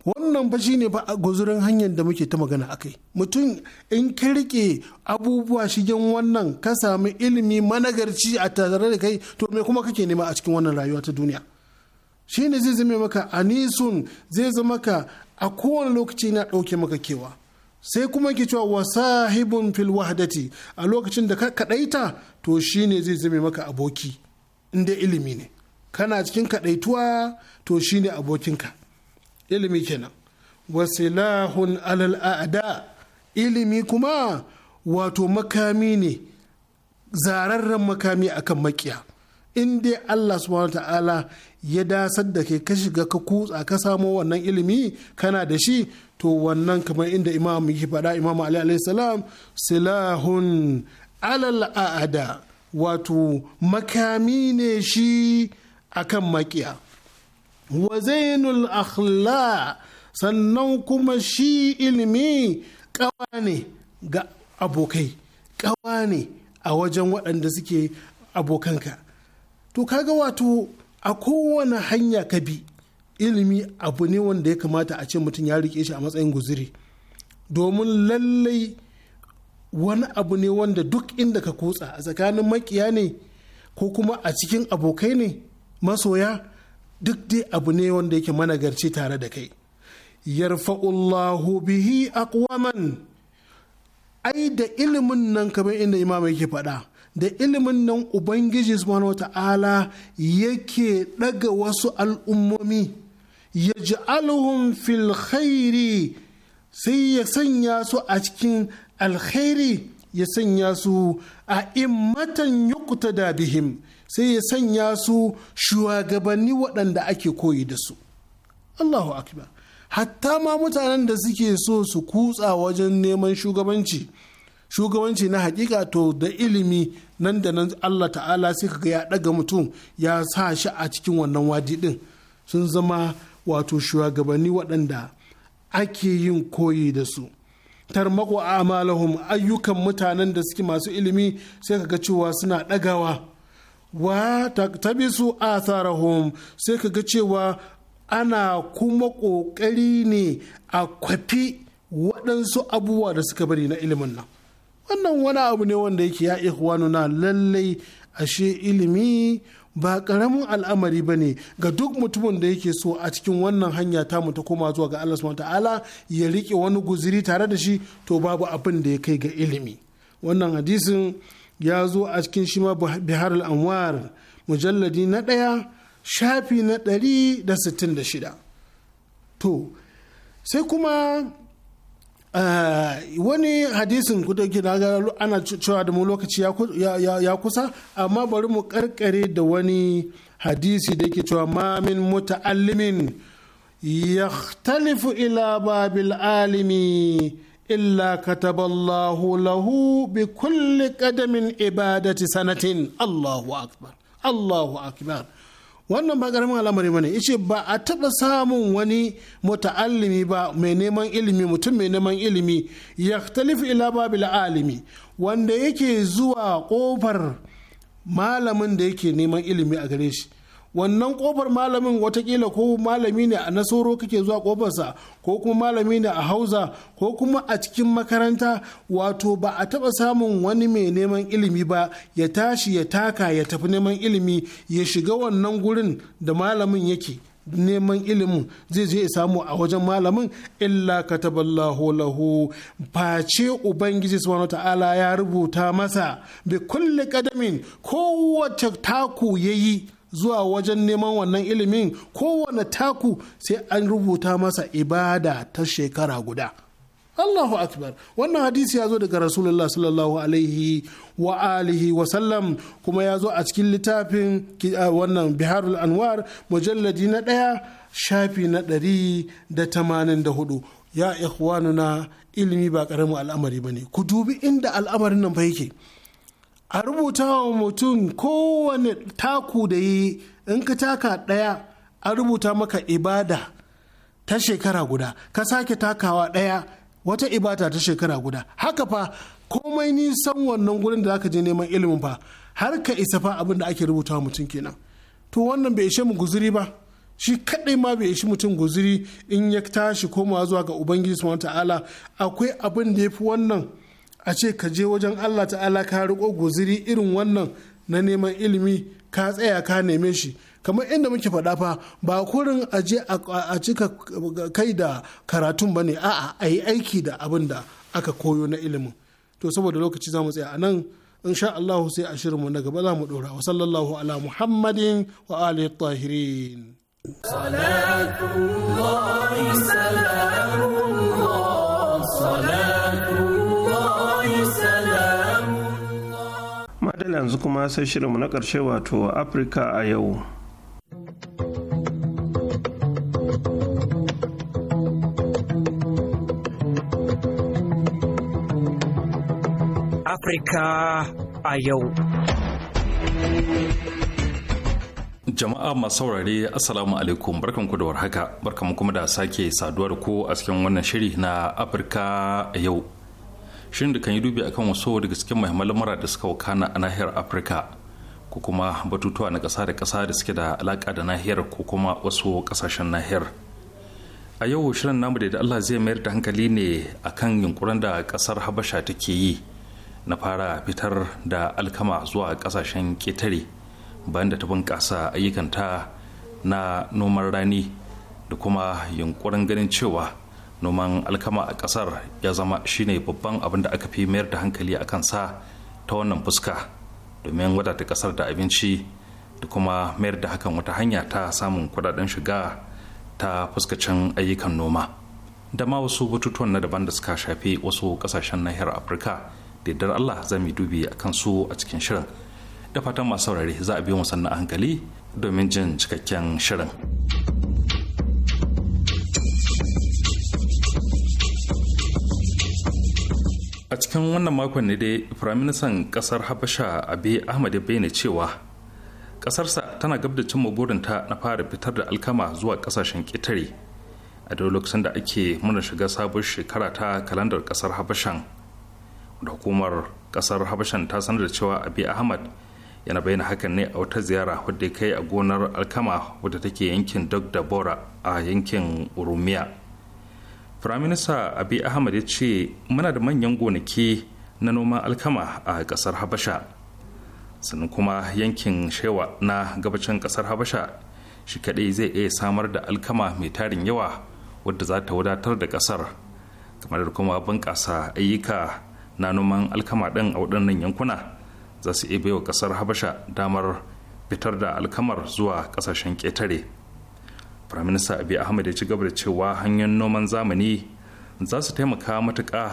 wannan ba shi ne ba a guzurin hanyar da muke ta magana akai mutum in ka rike abubuwa shigen wannan ka sami ilimi managarci a tare da kai to me kuma kake nema a cikin wannan rayuwa ta duniya shi ne zai zama maka anisun zai zama ka a kowane lokaci na ɗauke maka kewa sai kuma ke cewa wasahibun fil wahdati a lokacin da ka kadaita to shi ne zai zame maka aboki inda ilimi ne kana cikin kadaituwa to shi ne abokinka ilimi kenan wasilahun alal a'da ilimi kuma wato makami ne zararren makami akan makiya Inda Allah subhanahu ta'ala ya dasar da kai ka shiga ka kutsa ka samo wannan ilimi kana da shi to wannan kamar inda imam yake faɗa imam ali alaihi salam silahun alal a'ada wato makami ne shi akan makiya wa akhla sannan kuma shi ilimi kawa ne ga abokai kawa ne a wajen waɗanda suke abokanka to kaga wato a kowane hanya ka bi ilimi abu ne wanda ya kamata a ce mutum ya rike shi a matsayin guziri domin lallai wani abu ne wanda duk inda ka kotsa a tsakanin makiya ne ko kuma a cikin abokai ne masoya duk dai abu ne wanda yake mana garci tare da kai yarfa'ullahu bihi akwaman. ai da ilimin nan kamar inda imam yake faɗa da ilimin nan ubangiji subhanahu wata'ala yake ɗaga wasu al'ummomi ya ji fil khairi sai ya sanya su a cikin alkhairi ya sanya su a immatan da bihim sai ya sanya su shugabanni waɗanda ake koyi da su Allahu akbar hatta ma mutanen da suke so su kutsa wajen neman shugabanci shugabanci na hakika to da ilimi nan da nan Allah ta'ala sai ga ya ɗaga mutum ya sa shi a cikin wannan wadi ɗin sun zama wato shugabanni waɗanda ake yin koyi da su tarmako amalahum ayyukan mutanen da suke masu ilimi sai ka ga cewa suna ɗagawa wa taktabisu atharahum sai ka ga cewa ana kuma ƙoƙari ne a kwafi waɗansu abubuwa da suka bari na ilimin nan wannan wani abu ne wanda yake ya na lallai ashe ilimi ba ƙaramin al'amari ba ne ga duk mutumin da yake so a cikin wannan hanya ta mu ta koma zuwa ga Allah subhanahu ta'ala ya riƙe wani guziri tare da shi to babu abin da ya kai ga ilimi wannan hadisin ya zo a cikin shi ma bihar al'amwar mujalladi na ɗaya shafi na ɗari da sittin da shida to sai kuma wani hadisin kudoki gida ana cewa da mu lokaci ya kusa amma bari mu karkare da wani hadisi da yake cewa mamin muta'allimin yahtalifu ila babil alimi illa kataballahu lahu bi kulli ƙadamin ibadati sanatin Allahu akbar Allahu akbar wannan ba karamin al'amari bane yace ba a taɓa samun wani muta'allimi ba mai neman ilimi mutum mai neman ilimi yaktalifu ila babil alimi wanda yake zuwa ƙofar malamin da yake neman ilimi a gare shi wannan kofar malamin watakila ko malami ne a nasoro kake zuwa kofarsa ko kuma malami ne a hausa ko kuma a cikin makaranta wato ba a taba samun wani mai neman ilimi ba ya tashi ya taka ya tafi neman ilimi ya shiga wannan gurin da malamin yake neman ilimin zai je ya samu a wajen malamin illa ka kataballahu lahu face ubangiji subhanahu ta'ala ya rubuta masa bi kulli kadamin kowace taku yayi zuwa wajen neman wannan ilimin kowane taku sai an rubuta masa ibada ta shekara guda Allahu akbar wannan hadisi ya zo daga rasulullah sallallahu alaihi wa alihi wa sallam kuma ya zo a cikin littafin wannan biharul anwar mujalladi na ɗaya shafi na ɗari da tamanin da hudu ya ikhwanuna ilimi ba karamin al'amari ba ne ku dubi inda al'amarin nan fa yake a rubuta wa mutum kowane taku da yi in ka taka ɗaya a rubuta maka ibada ta shekara guda ka sake takawa ɗaya wata ibada ta shekara guda haka fa komai nisan wannan gurin da zaka je neman ilimin fa har ka isa fa abin da ake rubuta wa mutum kenan to wannan bai ishe mu guzuri ba shi kadai ma bai ishi mutum guzuri in ya tashi komawa zuwa ga ubangiji subhanahu ta'ala akwai abin da yafi wannan a ce ka je wajen Allah ta'ala ka riko guziri irin wannan na neman ilimi ka tsaya ka neme shi kamar inda muke faɗa fa ba kurin a je a cika kai da karatun ba ne a'a a yi aiki da abin da aka koyo na ilimin to saboda lokaci za mu tsaya a nan insha Allah sai a shirinmu na gaba za mu ɗora wa sallallahu ala muhammadin wa alihi tahirin sai yanzu kuma sai shirinmu na ƙarshe wato afirka a yau afirka a yau jama'a masu saurare assalamu alaikum barkanku da warhaka barkanku kuma da sake saduwar da ku a cikin wannan shiri na afirka a yau shirin da kan yi dubi akan wasu daga cikin muhimman lamura da suka wakana a nahiyar afirka ko kuma batutuwa na ƙasa da ƙasa da suke da alaƙa da nahiyar ko kuma wasu ƙasashen nahiyar a yau shirin namu da allah zai mayar da hankali ne a kan yunkurin da ƙasar habasha take yi na fara fitar da alkama zuwa ƙasashen ƙetare bayan da ta bunƙasa ayyukanta na noman rani da kuma yunkurin ganin cewa noman alkama a kasar ya zama shine babban abin da aka fi mayar da hankali a kansa ta wannan fuska domin wadata kasar da abinci da kuma mayar da hakan wata hanya ta samun kudaden shiga ta fuskacin ayyukan noma da ma wasu batutuwan na daban da suka shafi wasu kasashen nahiyar afirka da yardar allah za mu dubi a kansu a cikin shirin da fatan masu saurare za a biyo mu sannan hankali domin jin cikakken shirin. cikin wannan makon ne dai firaministan kasar habasha abe ahmad ya bayyana cewa kasarsa tana gab da cimma burinta na fara fitar da alkama zuwa kasashen ƙetare a duk lokacin da ake muna shiga sabon shekara ta kalandar kasar habashan da hukumar kasar habashan ta sanar da cewa abe ahmad yana bayyana hakan ne a wata ziyara wadda ya kai a gonar alkama wadda take yankin dog da bora a yankin urumiya firaminista abi ahmad ya ce muna da manyan gonaki na noman alkama a ƙasar habasha sannan kuma yankin shewa na gabacin ƙasar habasha shi kadai zai iya samar da alkama mai tarin yawa wadda za ta wadatar da ƙasar kamar da kuma bunƙasa ayyuka na noman alkama ɗin a waɗannan yankuna za su iya baiwa ƙasar habasha damar fitar da alkamar zuwa ƙasashen ƙetare firaminista abi ahmed ya ci gaba da cewa hanyar noman zamani za su taimaka matuƙa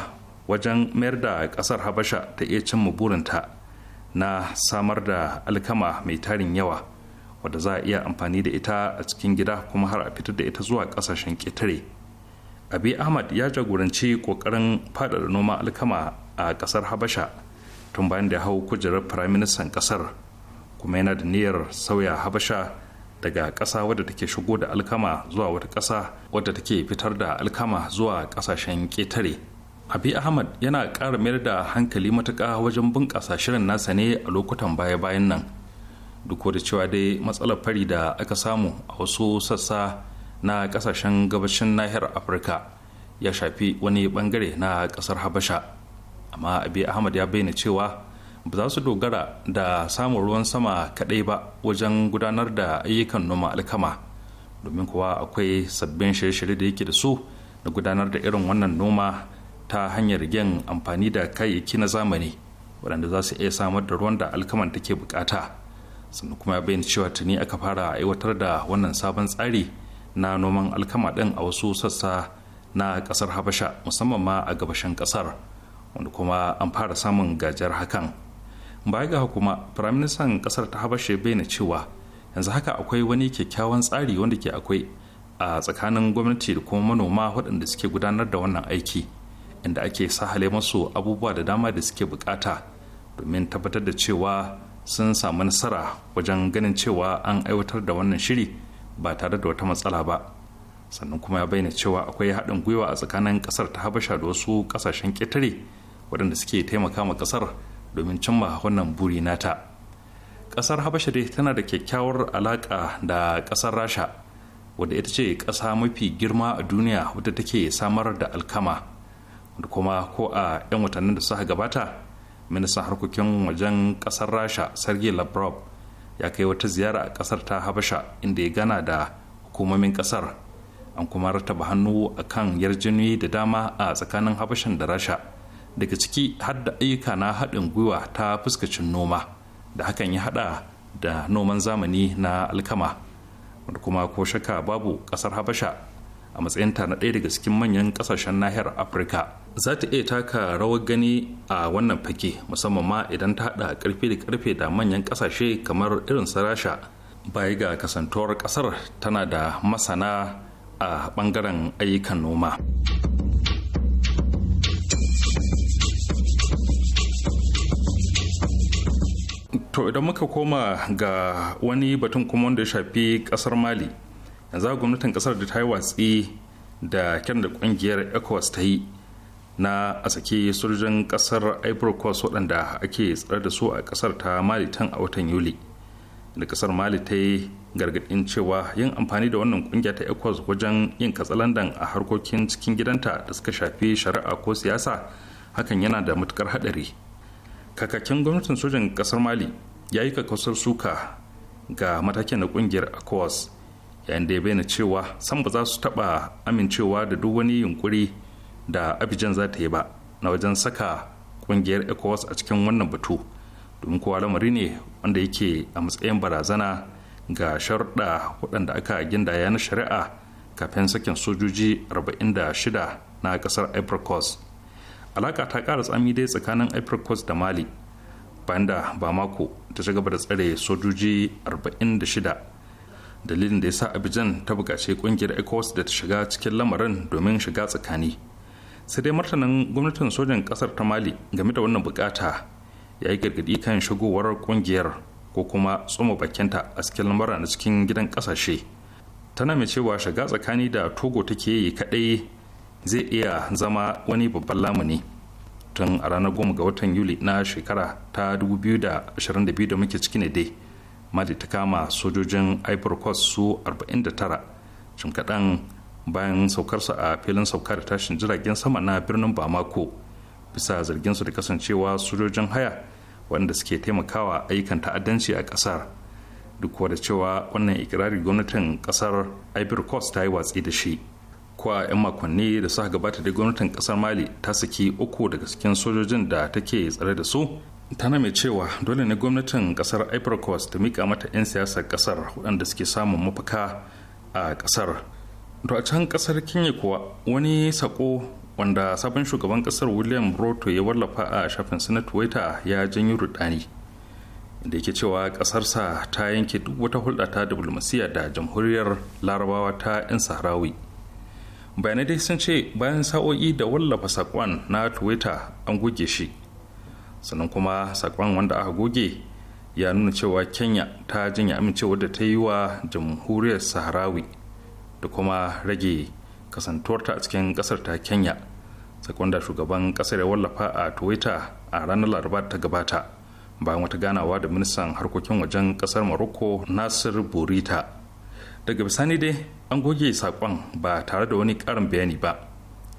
wajen mayar da ƙasar habasha ta iya cimma burinta na samar da alkama mai tarin yawa wadda za a iya amfani da ita a cikin gida kuma har a fitar da ita zuwa ƙasashen ƙetare abi ahmad ya jagoranci ƙoƙarin faɗaɗa noma alkama a ƙasar habasha tun bayan da ya hau kujerar firaministan ƙasar kuma yana da niyyar sauya habasha daga ƙasa wadda take shigo da alkama zuwa wata ƙasa wadda take fitar da alkama zuwa ƙasashen ƙetare abi ahmad yana ƙara mayar da hankali matuƙa wajen bunƙasa shirin nasa ne a lokutan baya-bayan nan duk da cewa dai matsalar fari da aka samu a wasu sassa na ƙasashen gabashin nahiyar afirka ya shafi wani bangare na ƙasar habasha amma abi ahmad ya bayyana cewa ba za su dogara da samun ruwan sama kaɗai ba wajen gudanar da ayyukan noma alkama domin kuwa akwai sabbin shirye-shirye da yake da su da gudanar da irin wannan noma ta hanyar yin amfani da kayayyaki na zamani waɗanda za su iya samar da ruwan da alkaman take bukata sannan kuma ya bayyana cewa tuni aka fara aiwatar da wannan sabon tsari na noman alkama ɗin a wasu sassa na ƙasar habasha musamman ma a gabashin ƙasar wanda kuma an fara samun gajiyar hakan baya ga kuma firaministan kasar ta habashe bayyana cewa yanzu haka akwai wani kyakkyawan tsari wanda ke akwai a tsakanin gwamnati da kuma manoma waɗanda suke gudanar da wannan aiki inda ake sahale masu abubuwa da dama da suke bukata domin tabbatar da cewa sun samu nasara wajen ganin cewa an aiwatar da wannan shiri ba tare da wata matsala ba sannan kuma ya bayyana cewa akwai haɗin gwiwa a tsakanin ƙasar ta habasha da wasu ƙasashen ƙetare waɗanda suke taimaka ma ƙasar domin cimma wannan buri nata ƙasar habasha dai tana da kyakkyawar alaƙa da ƙasar rasha wadda ita ce ƙasa mafi girma a duniya wadda take samar da alkama wadda kuma ko a 'yan watannin da suka gabata ministan harkokin wajen ƙasar rasha sergei lavrov ya kai wata ziyara a ƙasar ta habasha inda ya gana da hukumomin ƙasar an kuma rataba hannu a kan yarjejeniyoyi da dama a tsakanin habashan da rasha daga ciki har da ayyuka na haɗin gwiwa ta fuskacin noma da hakan ya haɗa da noman zamani na alkama wanda kuma ko shaka babu ƙasar habasha a matsayinta na ɗaya daga cikin manyan ƙasashen nahiyar afirka za ta iya taka rawar gani a wannan fage musamman ma idan ta haɗa ƙarfe da ƙarfe da manyan ƙasashe kamar irin su rasha baya ga kasantuwar ƙasar tana da masana a ɓangaren ayyukan noma. to idan muka koma ga wani batun kuma wanda ya shafi kasar mali yanzu gwamnatin kasar da ta yi watsi da kyan da kungiyar ecowas ta yi na a sake sojojin kasar ivory waɗanda ake tsare da su a kasar ta mali tan a watan yuli da kasar mali ta yi gargaɗin cewa yin amfani da wannan kungiya ta ecowas wajen yin katsalandan a harkokin cikin gidanta da suka shafi shari'a ko siyasa hakan yana da matukar haɗari kakakin gwamnatin sojan kasar mali ya yi kakasar suka ga matakin da kungiyar ecowas yayin da ya bayyana cewa san ba za su taba amincewa da duk wani yunkuri da abijan za ta yi ba na wajen saka kungiyar ecowas a cikin wannan batu domin kowa lamari ne wanda yake a matsayin barazana ga sharuɗa waɗanda aka gindaya na shari'a kafin sakin sojoji 46 na ƙasar ivory alaka ta kara tsami dai tsakanin ivory coast da mali bayan da bamako ta ci gaba da tsare sojoji 46 dalilin da ya sa abijan ta bukaci kungiyar ecowas da ta shiga cikin lamarin domin shiga tsakani sai dai martanin gwamnatin sojan kasar ta mali game da wannan bukata ya yi gargadi kan shigowar kungiyar ko kuma tsoma bakinta a cikin lamarin na cikin gidan ƙasashe tana mai cewa shiga tsakani da togo take yi kaɗai zai iya zama wani babban lamuni tun a ranar goma ga watan yuli na shekara ta 2022 da muke ciki ne dai mali ta kama sojojin ivory coast su 49 cin kaɗan bayan saukarsu a filin saukar tashin jiragen sama na birnin bamako bisa zarginsu da kasancewa sojojin haya wanda suke taimakawa ayyukan ta'addanci a ƙasar duk da cewa wannan ikirarin gwamnatin ƙasar ivory coast ta yi watsi da shi kwa 'yan makonni da suka gabata da gwamnatin kasar mali ta saki uku daga cikin sojojin da take tsare da su tana mai cewa dole ne gwamnatin kasar ivory ta mika mata 'yan siyasar kasar waɗanda suke samun mafaka a kasar to a can kasar kenya kuwa wani sako wanda sabon shugaban kasar william roto ya wallafa a shafin na twitter ya janyo rudani da yake cewa kasarsa ta yanke duk wata hulɗa ta diplomasiya da jamhuriyar larabawa ta 'yan sahrawi bayanai dai sun ce bayan sa'o'i da wallafa saƙon na twitter an goge shi sannan kuma saƙon wanda aka goge ya nuna cewa kenya ta jinya amincewa da ta yi wa jamhuriyar saharawi da kuma rage kasantuwarta a cikin ƙasar ta kenya saƙon da shugaban ƙasar ya wallafa a twitter a ranar laraba ta gabata bayan wata ganawa da ministan harkokin wajen ƙasar morocco nasir burita daga bisani dai an goge saƙon ba tare da wani karin bayani ba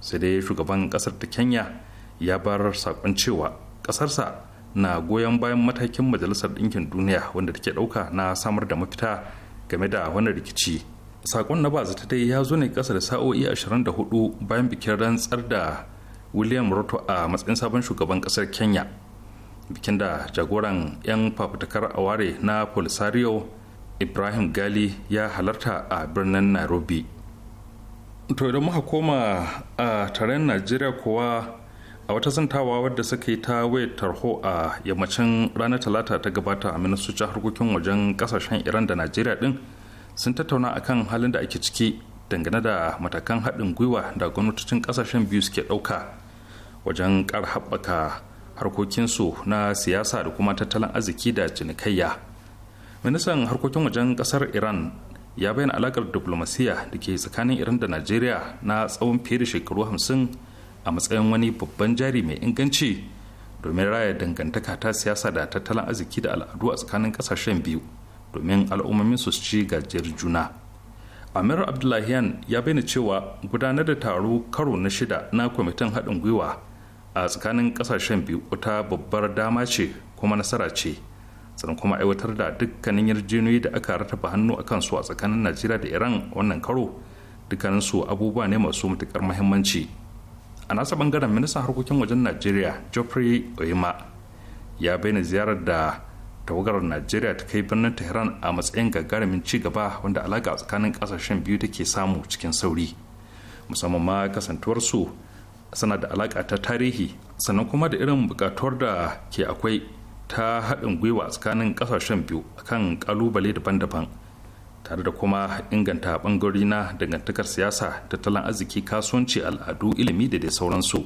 sai dai shugaban ƙasar ta kenya ya bar saƙon cewa ƙasarsa na goyon bayan matakin majalisar ɗinkin duniya wanda take ɗauka na samar da mafita game da wani rikici saƙon na ba zata dai ya zo ne ƙasa da sa'o'i 24 bayan bikin rantsar da william ruto a matsayin sabon shugaban ƙasar kenya bikin da jagoran 'yan fafutukar aware na polisario ibrahim gali ya halarta a birnin nairobi to idan muka koma a taron najeriya kuwa a wata zantawa wadda suka yi ta wayar tarho a yammacin ranar talata ta gabata a ministocin harkokin wajen kasashen iran da najeriya din sun tattauna akan halin da ake ciki dangane da matakan haɗin gwiwa da gwamnatocin kasashen biyu suke ɗauka wajen ƙara haɓaka harkokinsu na siyasa da kuma tattalin arziki da cinikayya ministan harkokin wajen kasar iran ya bayyana alakar diplomasiya da ke tsakanin iran da najeriya na tsawon fiye da shekaru hamsin a matsayin wani babban jari mai inganci domin raya dangantaka ta siyasa da tattalin arziki da al'adu a tsakanin kasashen biyu domin al'ummomin su ci gajiyar juna amir abdullahian ya bayyana cewa gudanar da taro karo na shida na kwamitin haɗin gwiwa a tsakanin kasashen biyu wata babbar dama ce kuma nasara ce sannan kuma aiwatar da dukkanin yarjejeniyoyi da aka rataba hannu akan su a tsakanin najeriya da iran wannan karo su abubuwa ne masu matukar muhimmanci a nasa bangaren ministan harkokin wajen najeriya geoffrey oyima ya bayyana ziyarar da tawagar najeriya ta kai birnin tehran a matsayin gagarumin ci gaba wanda alaƙa tsakanin ƙasashen biyu take samu cikin sauri musamman ma kasantuwar su suna da alaƙa ta tarihi sannan kuma da irin buƙatuwar da ke akwai ta haɗin gwiwa tsakanin ƙasashen biyu kan ƙalubale daban-daban tare da kuma inganta ɓangarori na dangantakar siyasa tattalin arziki kasuwanci al'adu ilimi da dai sauransu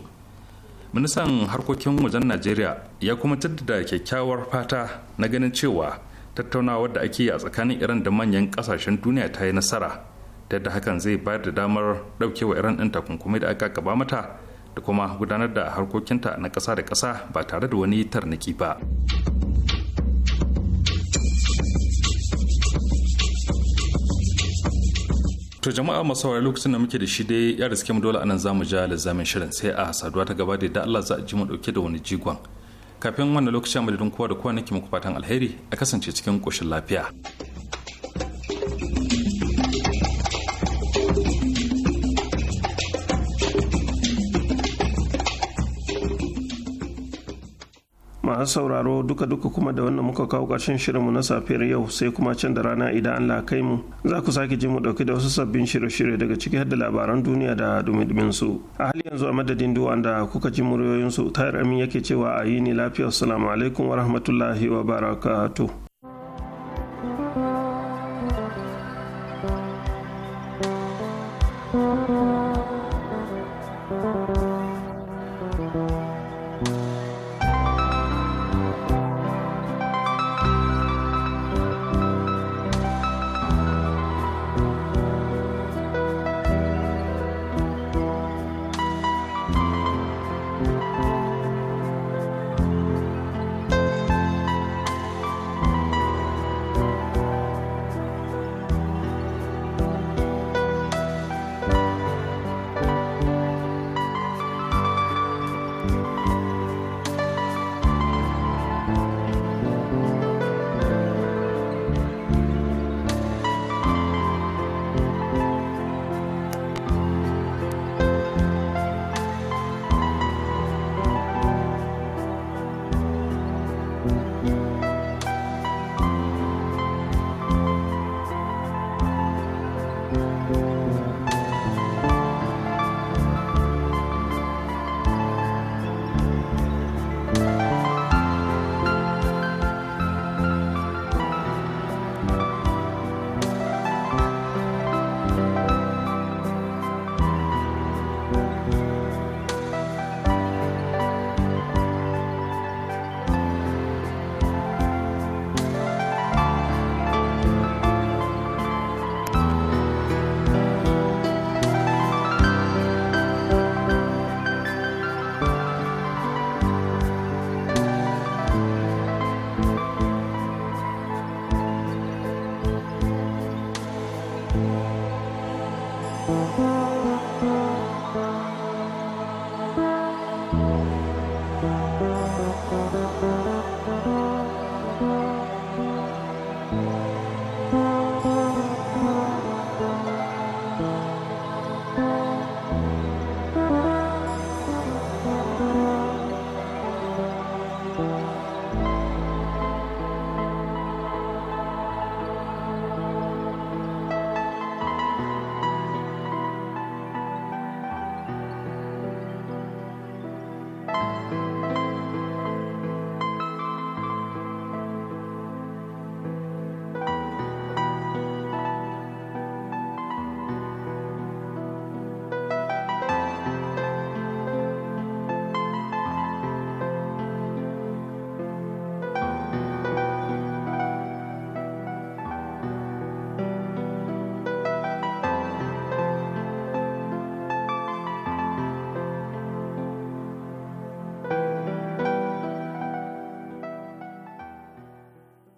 ministan harkokin wajen najeriya ya kuma jaddada kyakkyawar fata na ganin cewa tattaunawa da ake yi a tsakanin iran da manyan ƙasashen duniya ta yi nasara ta yadda hakan zai bayar da damar ɗaukewa iran ɗin takunkumi da aka gaba mata da kuma gudanar da harkokinta na kasa da kasa ba tare da wani tarniki ba. To jama'a masu saurari lokacin da muke da shi dai ya riske mu dole anan zamu ja lazamin shirin sai a saduwa ta gaba da Allah za a ji mu dauke da wani jigon. Kafin wannan lokacin madadin kowa da kowa nake muku fatan alheri a kasance cikin koshin lafiya. masu sauraro duka-duka kuma da wannan muka kawo ƙarshen shirinmu na safiyar yau sai kuma can da rana idan Allah kai mu za ku sake ji mu ɗauki da wasu sabbin shirye-shirye daga ciki har da labaran duniya da dumi su. A hali yanzu a madadin duwan da kuka ji muryoyinsu tayar amin yake cewa a yi ni lafiya assalamu alaikum wa rahmatullahi wa barakatuh.